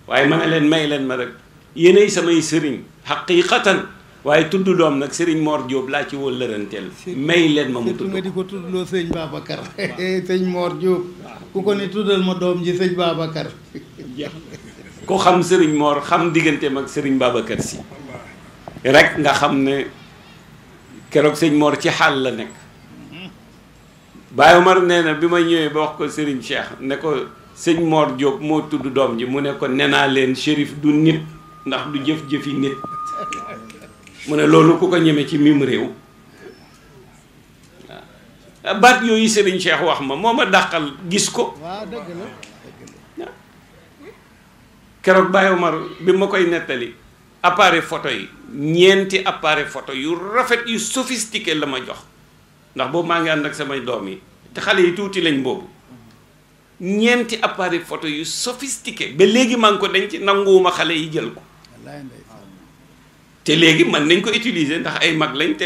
waaye ma ne leen may leen ma rek yéenay samay sëriñ xaqiqatan waaye tudd doom nag sëriñ moor jóob laa ci wëllëranteel may leen ma mu tudd nga di ko tuddloo sëñ Babacar sëñ Mor Diop ku ko ni tuddal ma doom ji sëñ Babacar ku xam sëriñ moor xam digganteem ak Serigne Babacar si rek nga xam ne keroog sëñ moor ci xaal la nekk Baye Omar nee na bi ma ñëwee ba wax ko Serigne Cheikh ne ko sëñ Mor Diop moo tudd doom ji mu ne ko nee naa leen shérif du nit ndax du jëf-jëfi nit mu ne loolu ku ko ñeme ci mim réew waaw baat yooyu Serigne Cheikh wax ma moo ma dàqal gis ko keroog Baye Omar bi ma koy nettali appareil photo yi ñeenti appareil photo yu rafet yu sophistiqué la ma jox ndax boobu maa ngi ànd ak samay doom yi te xale yi tuuti lañ boobu ñeenti appareil photo yu sophistiqué ba léegi maa ngi ko denc nanguwuma xale yi jël ko te léegi man nañ ko utiliser ndax ay mag lañ te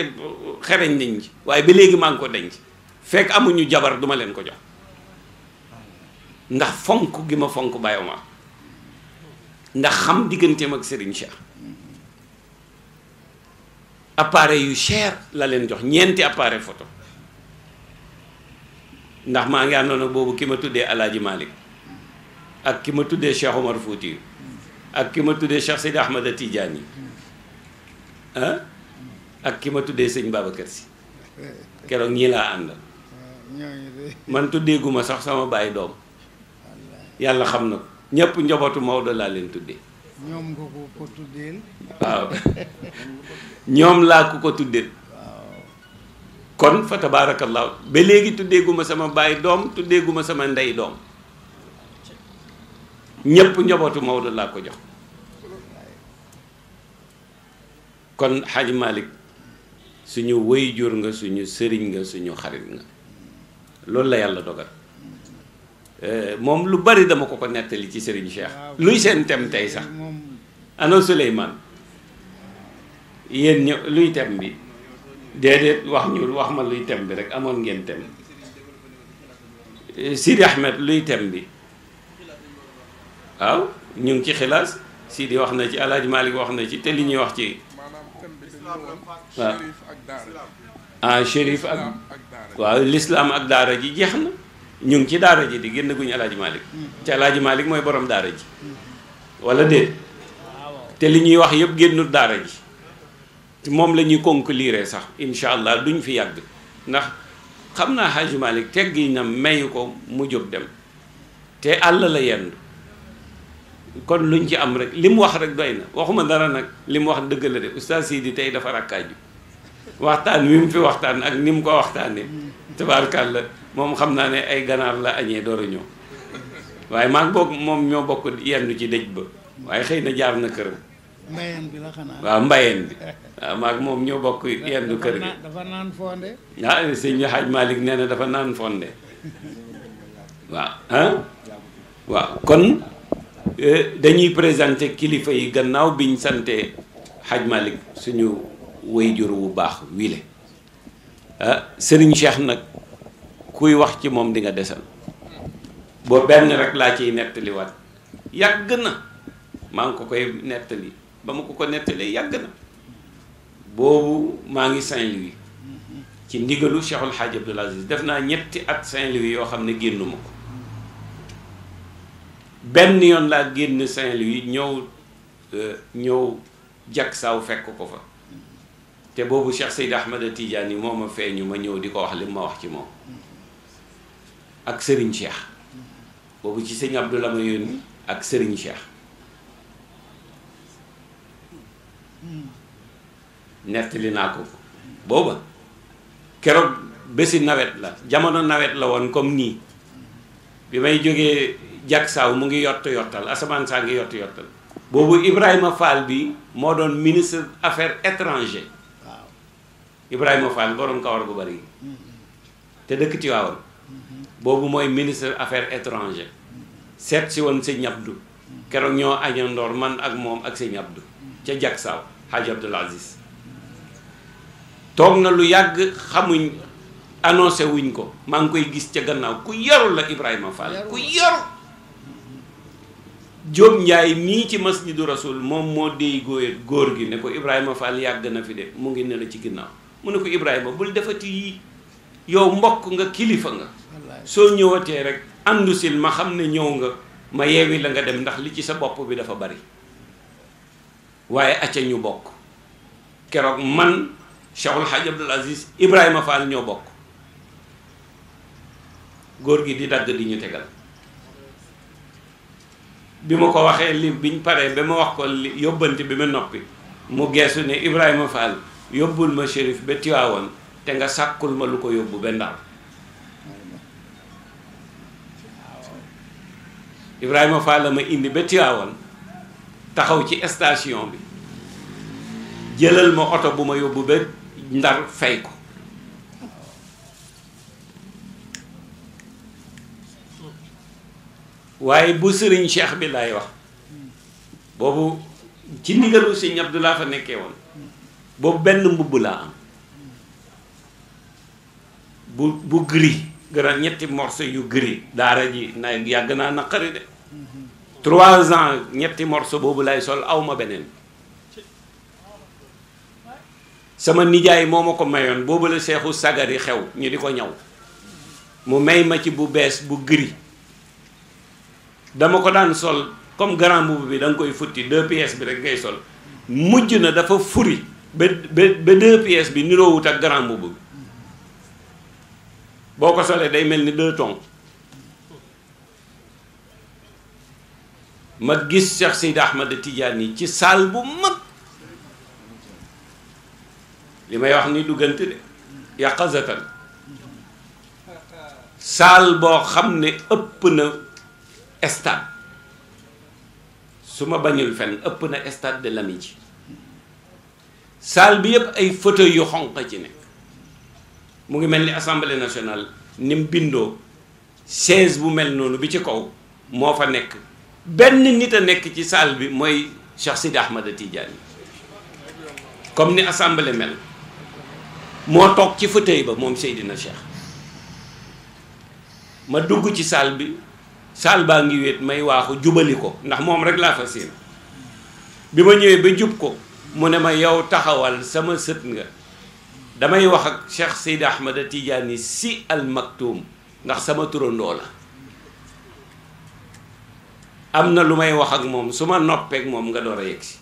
xereñ nañ ci waaye ba léegi maa ngi ko denc fekk amuñu jabar duma leen ko jox ndax fonk gi ma fonk Baye Omar ndax xam digganteem ak Serigne Cheikh appareil yu cher la leen jox ñeenti appareil photo ndax maa ngi àndoon boobu ki ma tuddee Alaaji Malick ak ki ma tuddee Cheikh Omar Fouti ak ki ma tuddee Cheikh Sidi Ahmad tiijaan yi ak ki ma tuddee sëñ Babacar si eh. keroog ñii laa àndal eh, man tuddeeguma sax sama bàyyi doom yàlla xam na ko ñëpp njabootu Maodo laa leen tuddee. ñoom laa ko ko tuddeel. kon fa tabaarakallaahu ba léegi tuddeeguma sama baay doom tuddeeguma sama ndey doom ñépp njabootu Maodo laa ko jox kon Xaaji malik suñu wayjur nga suñu sëriñ nga suñu xarit nga loolu la yàlla dogal eh, moom lu bari dama ko ko nettali ci sëriñ Cheikh luy seen tem tey sax ana Souleymane yéen ñëw luy tem bi déedéet wax ñu wax ma luy tem bi rek amoon ngeen tem eh, Sidi Ahmed luy tem bi waaw ñu ngi ci xilaas Sidi wax na ci El Hadj wax na ci te li ñuy wax ci waaw ah shérif ak waaw lislaam ak daara ji jeex na ñu ngi ci daara ji di génn guñu alaaji malik te alaaji malik mooy borom daara ji wala déet te li ñuy wax yëpp génnul daara ji moom la ñuy conclure sax incha allah duñ fi yàgg ndax xam naa xaaji malik teggi na mayu ko mu jóg dem te àll la yendu kon lu luñ ci am rek li mu wax rek doy na waxuma dara nag li mu wax dëgg la de oustaz Sidi tey dafa rakkaaju waxtaan wi mu fi waxtaan ak ni mu ko waxtaanee tabaarkalla moom xam naa ne ay ganaar la añee door a ñëw waaye maa moom ñoo bokk yendu ci dëj ba waaye xëy na jaar na këram. mbayeen bi la moom ñoo bokk yendu kër gi dafa naan fonde ah sëñ bi xaaj Malick nee na dafa naan fonde waaw ah waaw kon Eh, dañuy présenter kilifa yi gannaaw biñ sante xaj Malick suñu jur wu baax wile sëriñ ah, Serigne nag kuy wax ci moom dinga nga desal boo benn rek laa ciy nettaliwaat yàgg na maa ngi ko koy nettali ba ma ko ko nettalee yàgg na boobu maa ngi saint wi ci ndigalu Cheikhul Hadj Abdoul Aziz def naa ñetti ak Saint-Louis yoo xam ne ma ko benn yoon laa génn Saint-Louis ñëw euh, ñëw jak saw fekk ko fa te boobu Cheikh Seyd tiijaan Tidiane moo ma feeñu ma ñëw di ko wax li ma wax ci moom ak sëriñ Cheikh boobu ci sëñ Abdou la ma yónni ak sëriñ Cheikh nettali naa ko booba keroog bési nawet la jamono nawet la woon comme nii bi may jógee jak saaw mu ngi yott yottal asamaan saa ngi yott yottal boobu Ibrahima Fall bi moo doon ministre affaire étrangères waaw Ibrahima Fall borom kawar gu bari te dëkk Tivaouane boobu mooy ministre affaire étrangères seet si woon sëñ Abdou keroog ñoo añandoor man ak moom ak sëñ Abdou ca jak saaw Hadj Aziz toog na lu yàgg xamuñ annoncé wuñ ko maa ngi koy gis ca gannaaw ku yaru la Ibrahima Fall ku yaru Jóob Njaay mii ci masjidu rasul moom moo déy góoyat góor gi ne ko Ibrahima Fall yàgg na fi de mu ngi ne la ci ginnaaw mu ne ko Ibrahima bul defati yii yow mbokk nga kilifa nga soo ñëwatee rek àndu ma xam ne ñëw nga ma yeewi la nga dem ndax li ci sa bopp bi dafa bari waaye acca ñu bokk keroog man Cheikhul Hadj Abdoul Aziz Ibrahima Fall ñoo bokk góor gi di dagg di ñu tegal bi ma ko waxee lii bi biñ paree ba ma wax ko yóbbante bi ma noppi mu geesu ne Ibrahima Fall yóbbul ma shérif ba Tiwaawoon te nga sàkkul ma lu ko yóbbu ba Ndar Ibrahima Fall ma indi ba Tiwaawoon taxaw ci station bi jëlal ma oto bu ma yóbbu ba Ndar fay ko waaye bu sëriñ cheikh bi laay wax boobu ci ndigalu sëriñ Abdu laa fa nekkee woon boobu benn mbubb laa am bu bu gris grand ñetti morceau yu gris daara ji na yàgg naa naqari de trois ans ñetti morceau boobu lay sol awma beneen sama nijaay moo ma ko mayoon boobu la seexu sagari xew ñu di ko ñaw mu may ma ci bu bees bu gris dama ko daan sol comme grand mbubb bi da koy futti deux bi rek ngay sol mujj na dafa furi ba ba ba bi niroowut ak grand mbubb boo ko solee day mel ni deux ma gis Cheikh Seydi Ahmad Tidiane ci saal bu mag li may wax ni duggante de yàqazatan saal boo xam ne ëpp na stade su ma bañul fenn ëpp na stade de l'amitié salle bi yëpp ay fauteuils yu xonq ci nekk mu ngi mel ni assemblée nationale ni mu bindoo bu mel noonu bi ci kaw moo fa nekk benn nit a nekk ci salle bi mooy Cheikh Sidi Ahmad Tidiane comme ni assemblée mel moo toog ci fauteuil ba moom Seydina Cheikh ma dugg ci salle bi. saal baa ngi wéet may waaxu jubali ko ndax moom rek laa fas yéene bi ma ñëwee ba jub ko mu ne ma yow taxawal sama sët nga damay wax ak Cheikh Seydi Ahmada Tidiane Sy Al Maktoum ndax sama turandoo la am na lu may wax ak moom su ma noppeek moom nga door a yegg si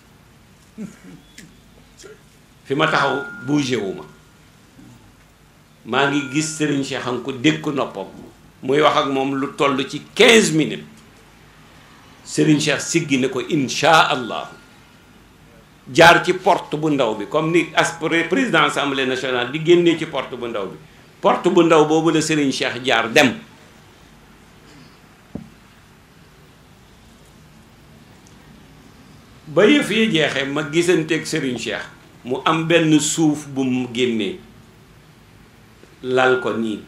fi ma taxaw bougé wu ma maa ngi gis Serigne Cheikh am ko dékk noppam muy wax ak moom lu toll ci 15 minutes Serigne Cheikh siggi ne ko insha allah jaar ci port bu ndaw bi comme ni as président assemblée nationale di génnee ci port bu ndaw bi port bu ndaw boobu la Serigne Cheikh jaar dem ba yëf jeexee ma gisanteeg sëriñ Cheikh mu am benn suuf bu mu génnee lal ko nii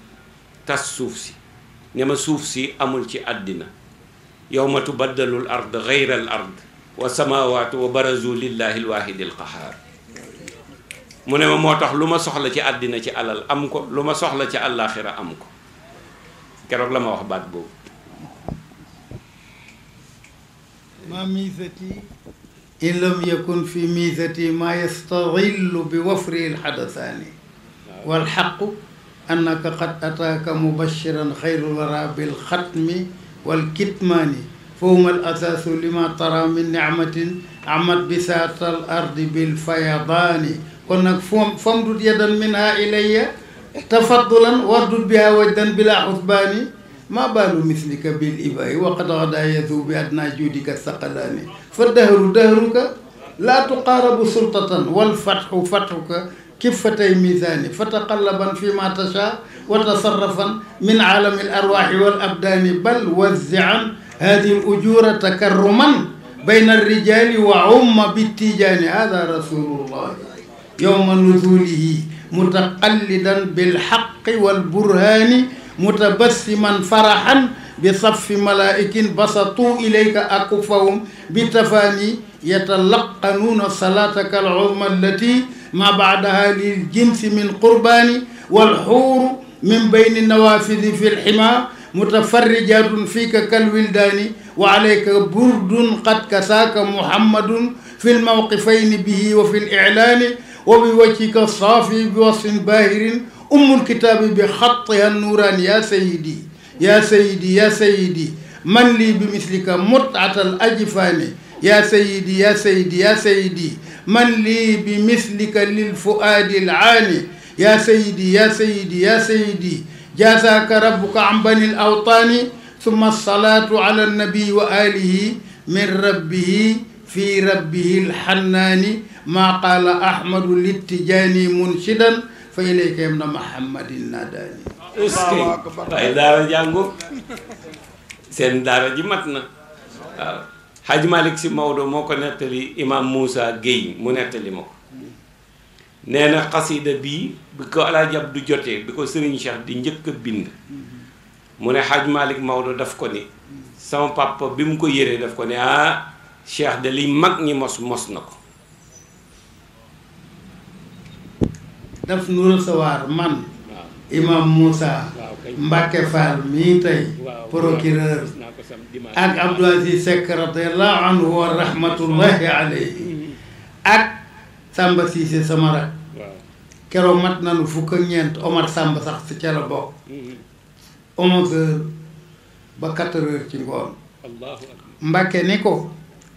tas suuf si ne ma suuf si amul ci àddina yawma tubaddalul ard gayral ard wa samawaatu wa barazu lillahi alwaahidil qahaar mu ne ma moo tax lu ma soxla ci àddina ci alal am ko lu ma soxla ci àllaaxira am ko keroog la ma wax baat boobu ma miisati in lam yakun fi miisati ma yastadillu bi wafri alxadasaani walxaqu annaka qad ataaka mubashiran xayrul wara bil xatmi wal kitmaani fahuma al asaasu lima tara min nicmatin amat bisaatal ardi bil fayadaani kon nag fom famdud yadan minha ilayya tafaddulan wardud biha wajdan bila xusbaani maa baalu mislika bil ibaay waqad xadaa yazu bi adnaa juudika saqalaani fa dahru dahruka laa tuqaarabu sultatan wal fatxu fatxuka kifatay misaani fataqallaban fi ma tasha wa tasarrafan min aalami al arwaaxi wal abdaani bal wazian hadihi al ujura takarruman bayna alrijali wa umma bittijaani hada rasulullah yowma nuzulihi mutaqallidan bilxaqi walburhaani mutabassiman faraxan bi saffi malaa'ikin basatu ilayka akufahum bi tafaani yatalaqanuuna salaataka al-uzma allati ma baadaha lil jinsi min qurbaani wal xuuru min bayni nawafidi fi lxima mutafarrijatun fiika kal wildaani wa alayka burdun qad kasaaka muhammadun fi lmawqifayni bihi wa fi lilaani wa bi wajhika saafi bi wasfin baahirin ummul kitaabi bi xattiha nuuraan yaa sayidi yaa sayidi yaa sayidi man lii bi mislika mutatal ajifaani yaa sayidi yaa sayidi yaa sayidi man lii bi mislika lil fuaadi l aani yaa sayidi yaa sayidi yaa sayidi jaasaaka rabbuka an banil awtaani summa salaatu ala nabi wa alihi min rabbihi fi rabbihi lxannaani maa qaala ahmadu littijaani munshidan fa ilayka yam na mahammadin naadaani est-ce que waaye daara jàngu seen daara ji mat na waaw Hadj Malick si Maodo moo ko nettali imam Moussa Guèye mu nettali ma ko nee na xasida bii bi ko Alaaji Abdu jotee bi ko Serigne Cheikh di njëkk a bind mu ne Hadj Malick Maodo daf ko ni sama papa bi mu ko yëree daf ko ne ah Cheikh de li mag ñi mos mos na ko daf nu recevoir man imam Moussa Mbacke Fall mii tey procureur ak Abdou Aziz Seck radiallahu anhu wa rahmatullahi ak Samba Cissé sama rak keroog mat fukk ak ñeent Omar Samba sax si ca la bokk mm-hmm. onze ba quatre heures ci ngoon Mbacke ni ko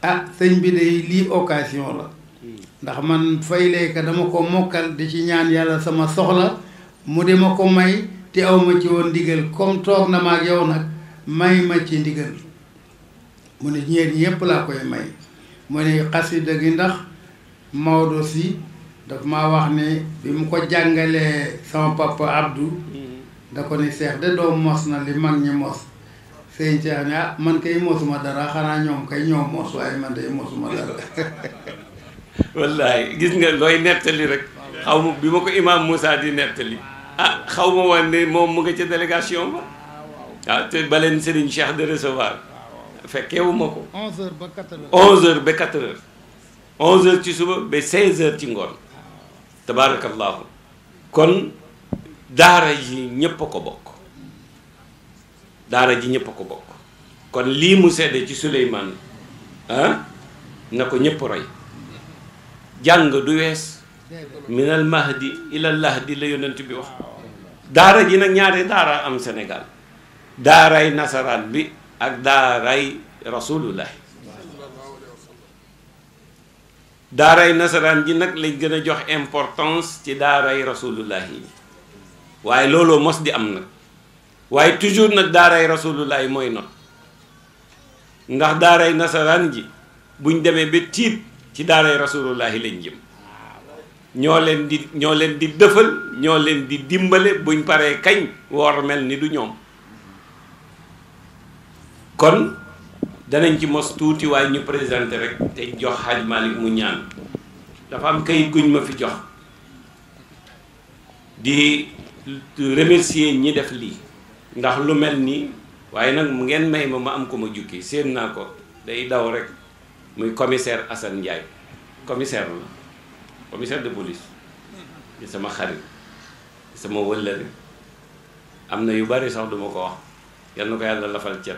ah sëñ bi de lii occasion la mm. ndax man fay leeka dama ko mokkal di ci ñaan yàlla sama soxla mu de ma ko may te aw ma ci woon ndigal comme toog na ma yow nag may ma ci ndigal mu ne ñeent ñëpp laa koy may mu ne dëgg gi ndax Maodo si daf ma wax ne bi mu ko jàngalee sama papa Abdou mm-hmm. da ko ne seex de doom mos na li mag ñi mos sëñ Seex ne ah man kay mosuma dara xanaa ñoom kay ñoom mos waaye man day mosuma dara wallaay gis nga looy nettali rek aw ma bi ma ko imaam Moussa di nettali ah xaw ma woon moom mu nga ca délégation ba ah, ah te baleen Serigne Cheikh de recevoir ah, fekkeewu ma ko. 11h ba 4h 11h ba 4h 11 ci suba ba 16h ci ngoon tabaarakallahu kon daara ji ñëpp a ko bokk daara ji ñëpp a ko bokk kon lii mu sedde ci Souleymane ah na ko ñëpp roy jàng du wees. minal mahdi ilal lahdi la yonent bi wax daara ji nag ñaari daara am senegal daaray nasaraan bi ak daaray rasulullahi daaray nasaraan ji nag lañ gën a jox importance ci daaray rasulullahi yi waaye looloo mos di am nag waaye toujours nag daaray rasulullahi mooy not ndax daaray nasaraan ji buñ demee ba tiit ci daaray rasulullahi lañ jëm ñoo leen di ñoo leen di dëfal ñoo leen di dimbale buñ paree kañ woor mel ni du ñoom kon danañ ci mos tuuti waaye ñu présenté rek te jox Hadj Malick mu ñaan dafa am kayit guñ ma fi jox di remercier ñi def lii ndax lu mel nii waaye nag mu ngeen may ma ma am ko ma jukki séen naa ko day daw rek muy commissaire Assane Ndiaye commissaire la commissaire de police sama xarit sama wëllëri am na yu bari sax duma ko wax yal na ko yàlla lafal cet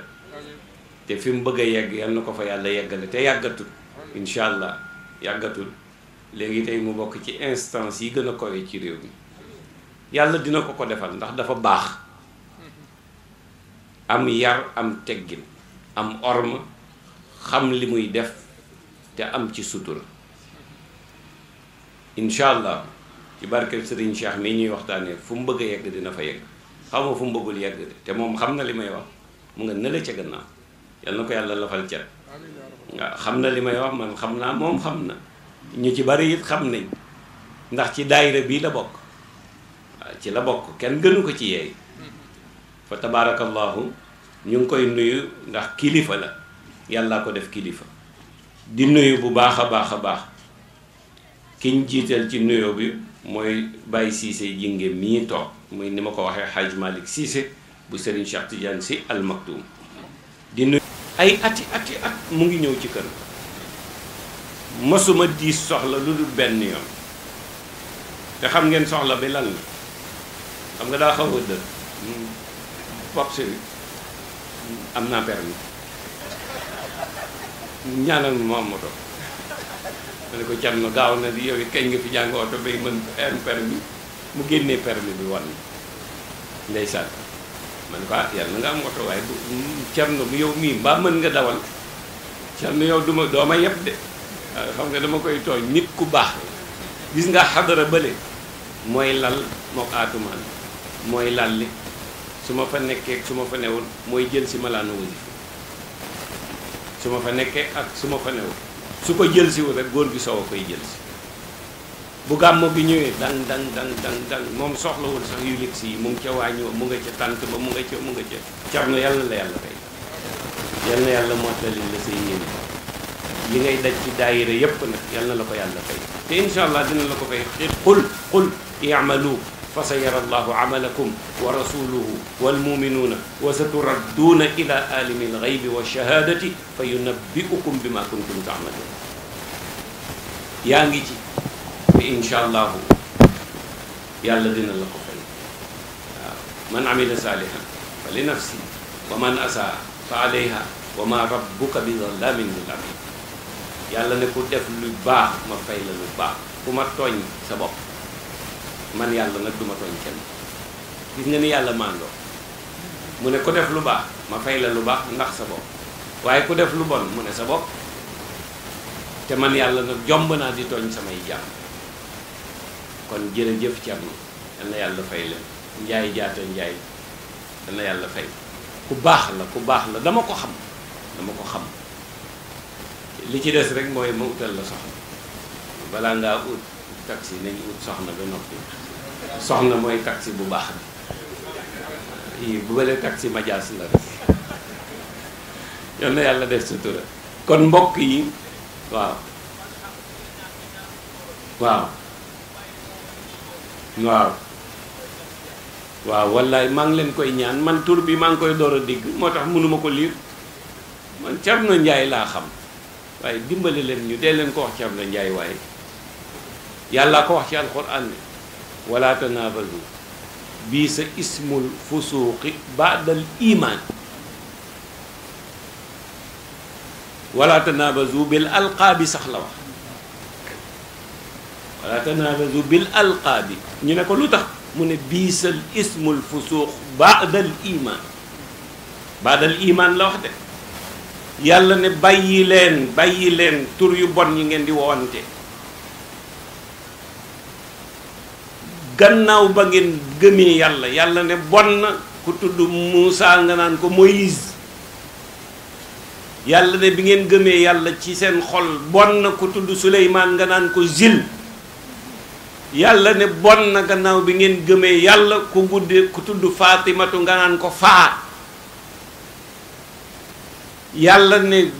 te fi mu bëgg a yegg yal na ko fa yàlla yeggale te yàggatul incha allah yàggatul léegi tey mu bokk ci instance yi gën a kowe ci réew mi yàlla dina ko ko defal ndax dafa baax am yar am teggin am orma xam li muy def te am ci sutura incha allah ci barkeb Serigne Cheikh mii ñuy waxtaanee fu mu bëgg a yegg dina fa yegg xamoo fu mu bëggul yegg de te moom xam na li may wax mu nga nële ca gannaaw yal na ko yàlla lafal cat waaw xam na li may wax man xam naa moom xam na ñu ci bari it xam nañ ndax ci daayira bii la bokk waaw ci la bokk kenn gënu ko ci yeey fa tabaarakallaahu ñu ngi koy nuyu ndax kilifa la yàlla ko def kilifa di nuyu bu baax a baax a baax. kiñ jiital ci nuyoo bi mooy Baye Cissé Jinge mii toog muy ni ma ko waxee xaj Malick Cissé bu Serigne Cheikh Tidiane si Al Maktoum di nuyu ay ati ati at mu ngi ñëw ci kër mësuma diis soxla lu dul benn yoon te xam ngeen soxla bi lan la xam nga daa xaw a dër si am naa permis ñaanal moom moto ma ko Thierno gaaw na di yow kañ nga fi jàng oto bay mën am mu génnee permis bi wan ndeysaan ma ne ko ah yàlla na nga am oto waaye du mm, Thierno bu yow mii mbaa mën nga dawal Thierno yow du ma doo ma yeb de ah, xam nga dama koy tooñ nit ku baax gis ngaa xadara bële mooy lal mook aatumaan mooy lalli su ma fa nekkee su ma fa newul mooy jël si malaanu wasifa su ma fa nekkee ak su ma fa newul su ko jël siwul rek góor gi soow a koy jël bu gàmmu gi ñëwee dang dang dang dang dang moom soxlawul sax yu ligg si mu ngi ca wàññi mu nga ca tànt ba mu nga ca mu nga ca carno yàlla la yàlla tey yal na yàlla mottali la say yéen li ngay daj ci daayira yépp nag yal la ko yàlla fay te incha allah dina la ko fay xul xul i'malu fa sa yara allahu amalakum wa rasuluhu walmuminuuna wa sa turadduuna ila alimi alxaybi wa shahaadati fa yunabbiukum bima kuntum taamaluun yaa ngi ci te insha allahu yàlla dina la ko fay waaw man amila saalihan fa li nafsi wa man asaa fa alayha wa ma rabbuka bi zallamin lil abid yàlla ne ku def lu baax ma fay la lu baax ku ma tooñ sa bopp man yàlla nag duma tooñ kenn gis nga ni yàlla màndoo mu ne ku def lu baax ma fay la lu baax ndax sa bopp waaye ku def lu bon mu ne sa bopp te man yàlla nag jomb naa di tooñ samay jàmm kon jërëjëf cam na yàlla fay leen njaay jaata njaay dana yàlla fay ku baax la ku baax la dama ko xam dama ko xam li ci des rek mooy ma utal la soxna balaa ngaa ut taxi nañ ut soxna ba noppi soxna mooy taxi bu baax bi bu bële taxi majaas la rek yal na yàlla def sutura kon mbokk yi waaw waaw waaw wallaay maa ngi leen koy ñaan man tur bi maa ngi koy door a digg moo tax mënuma ko liir man Thierno njaay laa xam waaye dimbale leen ñu dee leen ko wax Thierno Ndiaye waaye yàlla ko wax ci alxuraan wala tanabazu bii sa ismul baadal imaan wala tanabazu bil sax la wax wala tanabazu bil ñu ne ko lu tax mu ne bii sa ismul baadal imaan baadal imaan la wax de yàlla ne bàyyi leen bàyyi leen tur yu bon yi ngeen di woowante gannaaw ba ngeen gëmee yàlla yàlla ne bon na ku tudd Moussa nga naan ko Moïse yàlla ne bi ngeen gëmee yàlla ci seen xol bon na ku tudd Souleymane nga naan ko Gile yàlla ne bon na gannaaw bi ngeen gëmee yàlla ku gudde tudd Fatimatu nga ko Faa yàlla ne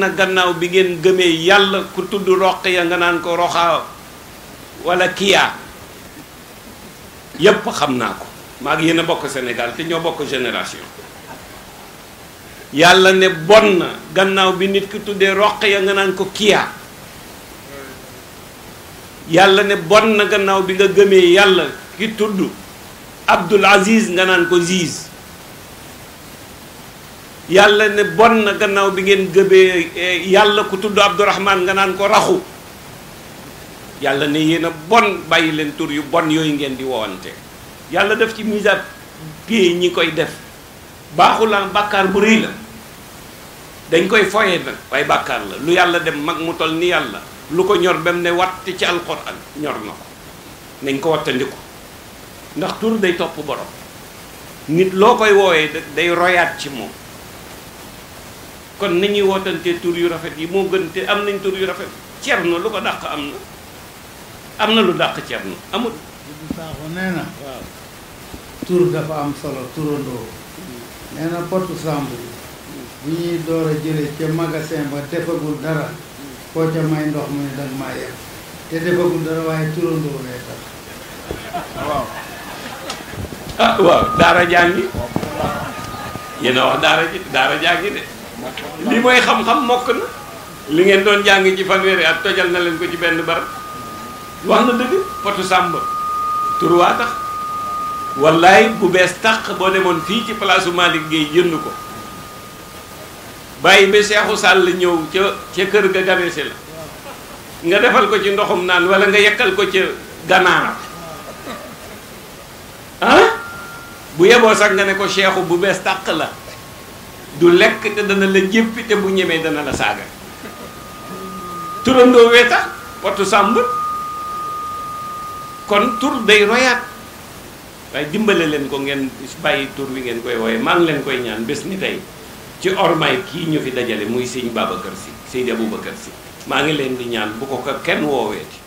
na gannaaw bi ngeen gëmee yàlla ku tudd Roqiya nga naan ko Roxa wala Kiya yépp xam naa ko maa ngi yéen bokk Sénégal te ñoo bokk génération yàlla ne bon na gannaaw bi nit ku tuddee roq ya nga naan ko kiyaa yàlla ne bon na gannaaw bi nga gëmee yàlla ki tudd Abdul Aziz nga naan ko Ziz yàlla ne bon na gannaaw bi ngeen gëmee eh, yàlla ku tudd Abdourahman nga naan ko raxu yàlla ne yéen bon bàyyi leen tur yu bon yooyu ngeen di woowante yàlla def ci mise à pied ñi koy def baaxulaan ah, bàkkaar bu rëy la dañ koy foyee nag waaye bàkkaar la lu yàlla dem mag mu toll ni yàlla lu ko ñor ba mu ne watt ci alxuraan ñor na ko nañ ko wattandiku ndax tur day topp borom nit loo koy woowee day royaat ci moom kon nañuy wootantee tur yu rafet yi moo gën te am nañ tur yu rafet cerno lu ko dàq am na am na lu dàq ceeb na amul. Ibou nee na. waaw tur dafa am solo turandoo. nee na porte sambu bu ñuy door a jëlee ca magasin ba defagul dara koo ca may ndox mu ne dag maa yem te defagul dara waaye turandoo lay waaw. ah waaw daara jàngi yéen wax daara ji daara jàngi de li mooy xam-xam mokk na li ngeen doon jàng ci fanweeri at tojal na leen ko ci benn barab. wax na dëgg potu sàmba turwaa tax wallaay bu bees tàq boo demoon fii ci palaasu Malick Gueye jënd ko bàyyi ba Seexu Sàll ñëw ca ca kër ga ganesi la nga defal ko ci ndoxum naan walla nga yekkal ko ca ganaara ah bu yeboo sax nga ne ko Seexu bu bees tàq la du lekk te dana la jéppi te bu ñemee dana la saaga turandoo wee tax potu sàmba kon tur day royaat waaye dimbale leen ko ngeen bàyyi tur wi ngeen koy wooye maa ngi leen koy ñaan bés ni tey ci ormay kii ñu fi dajale muy sëñ Babacar Si Seydi Aboubacar Si maa ngi leen di ñaan bu ko ko kenn wooweeti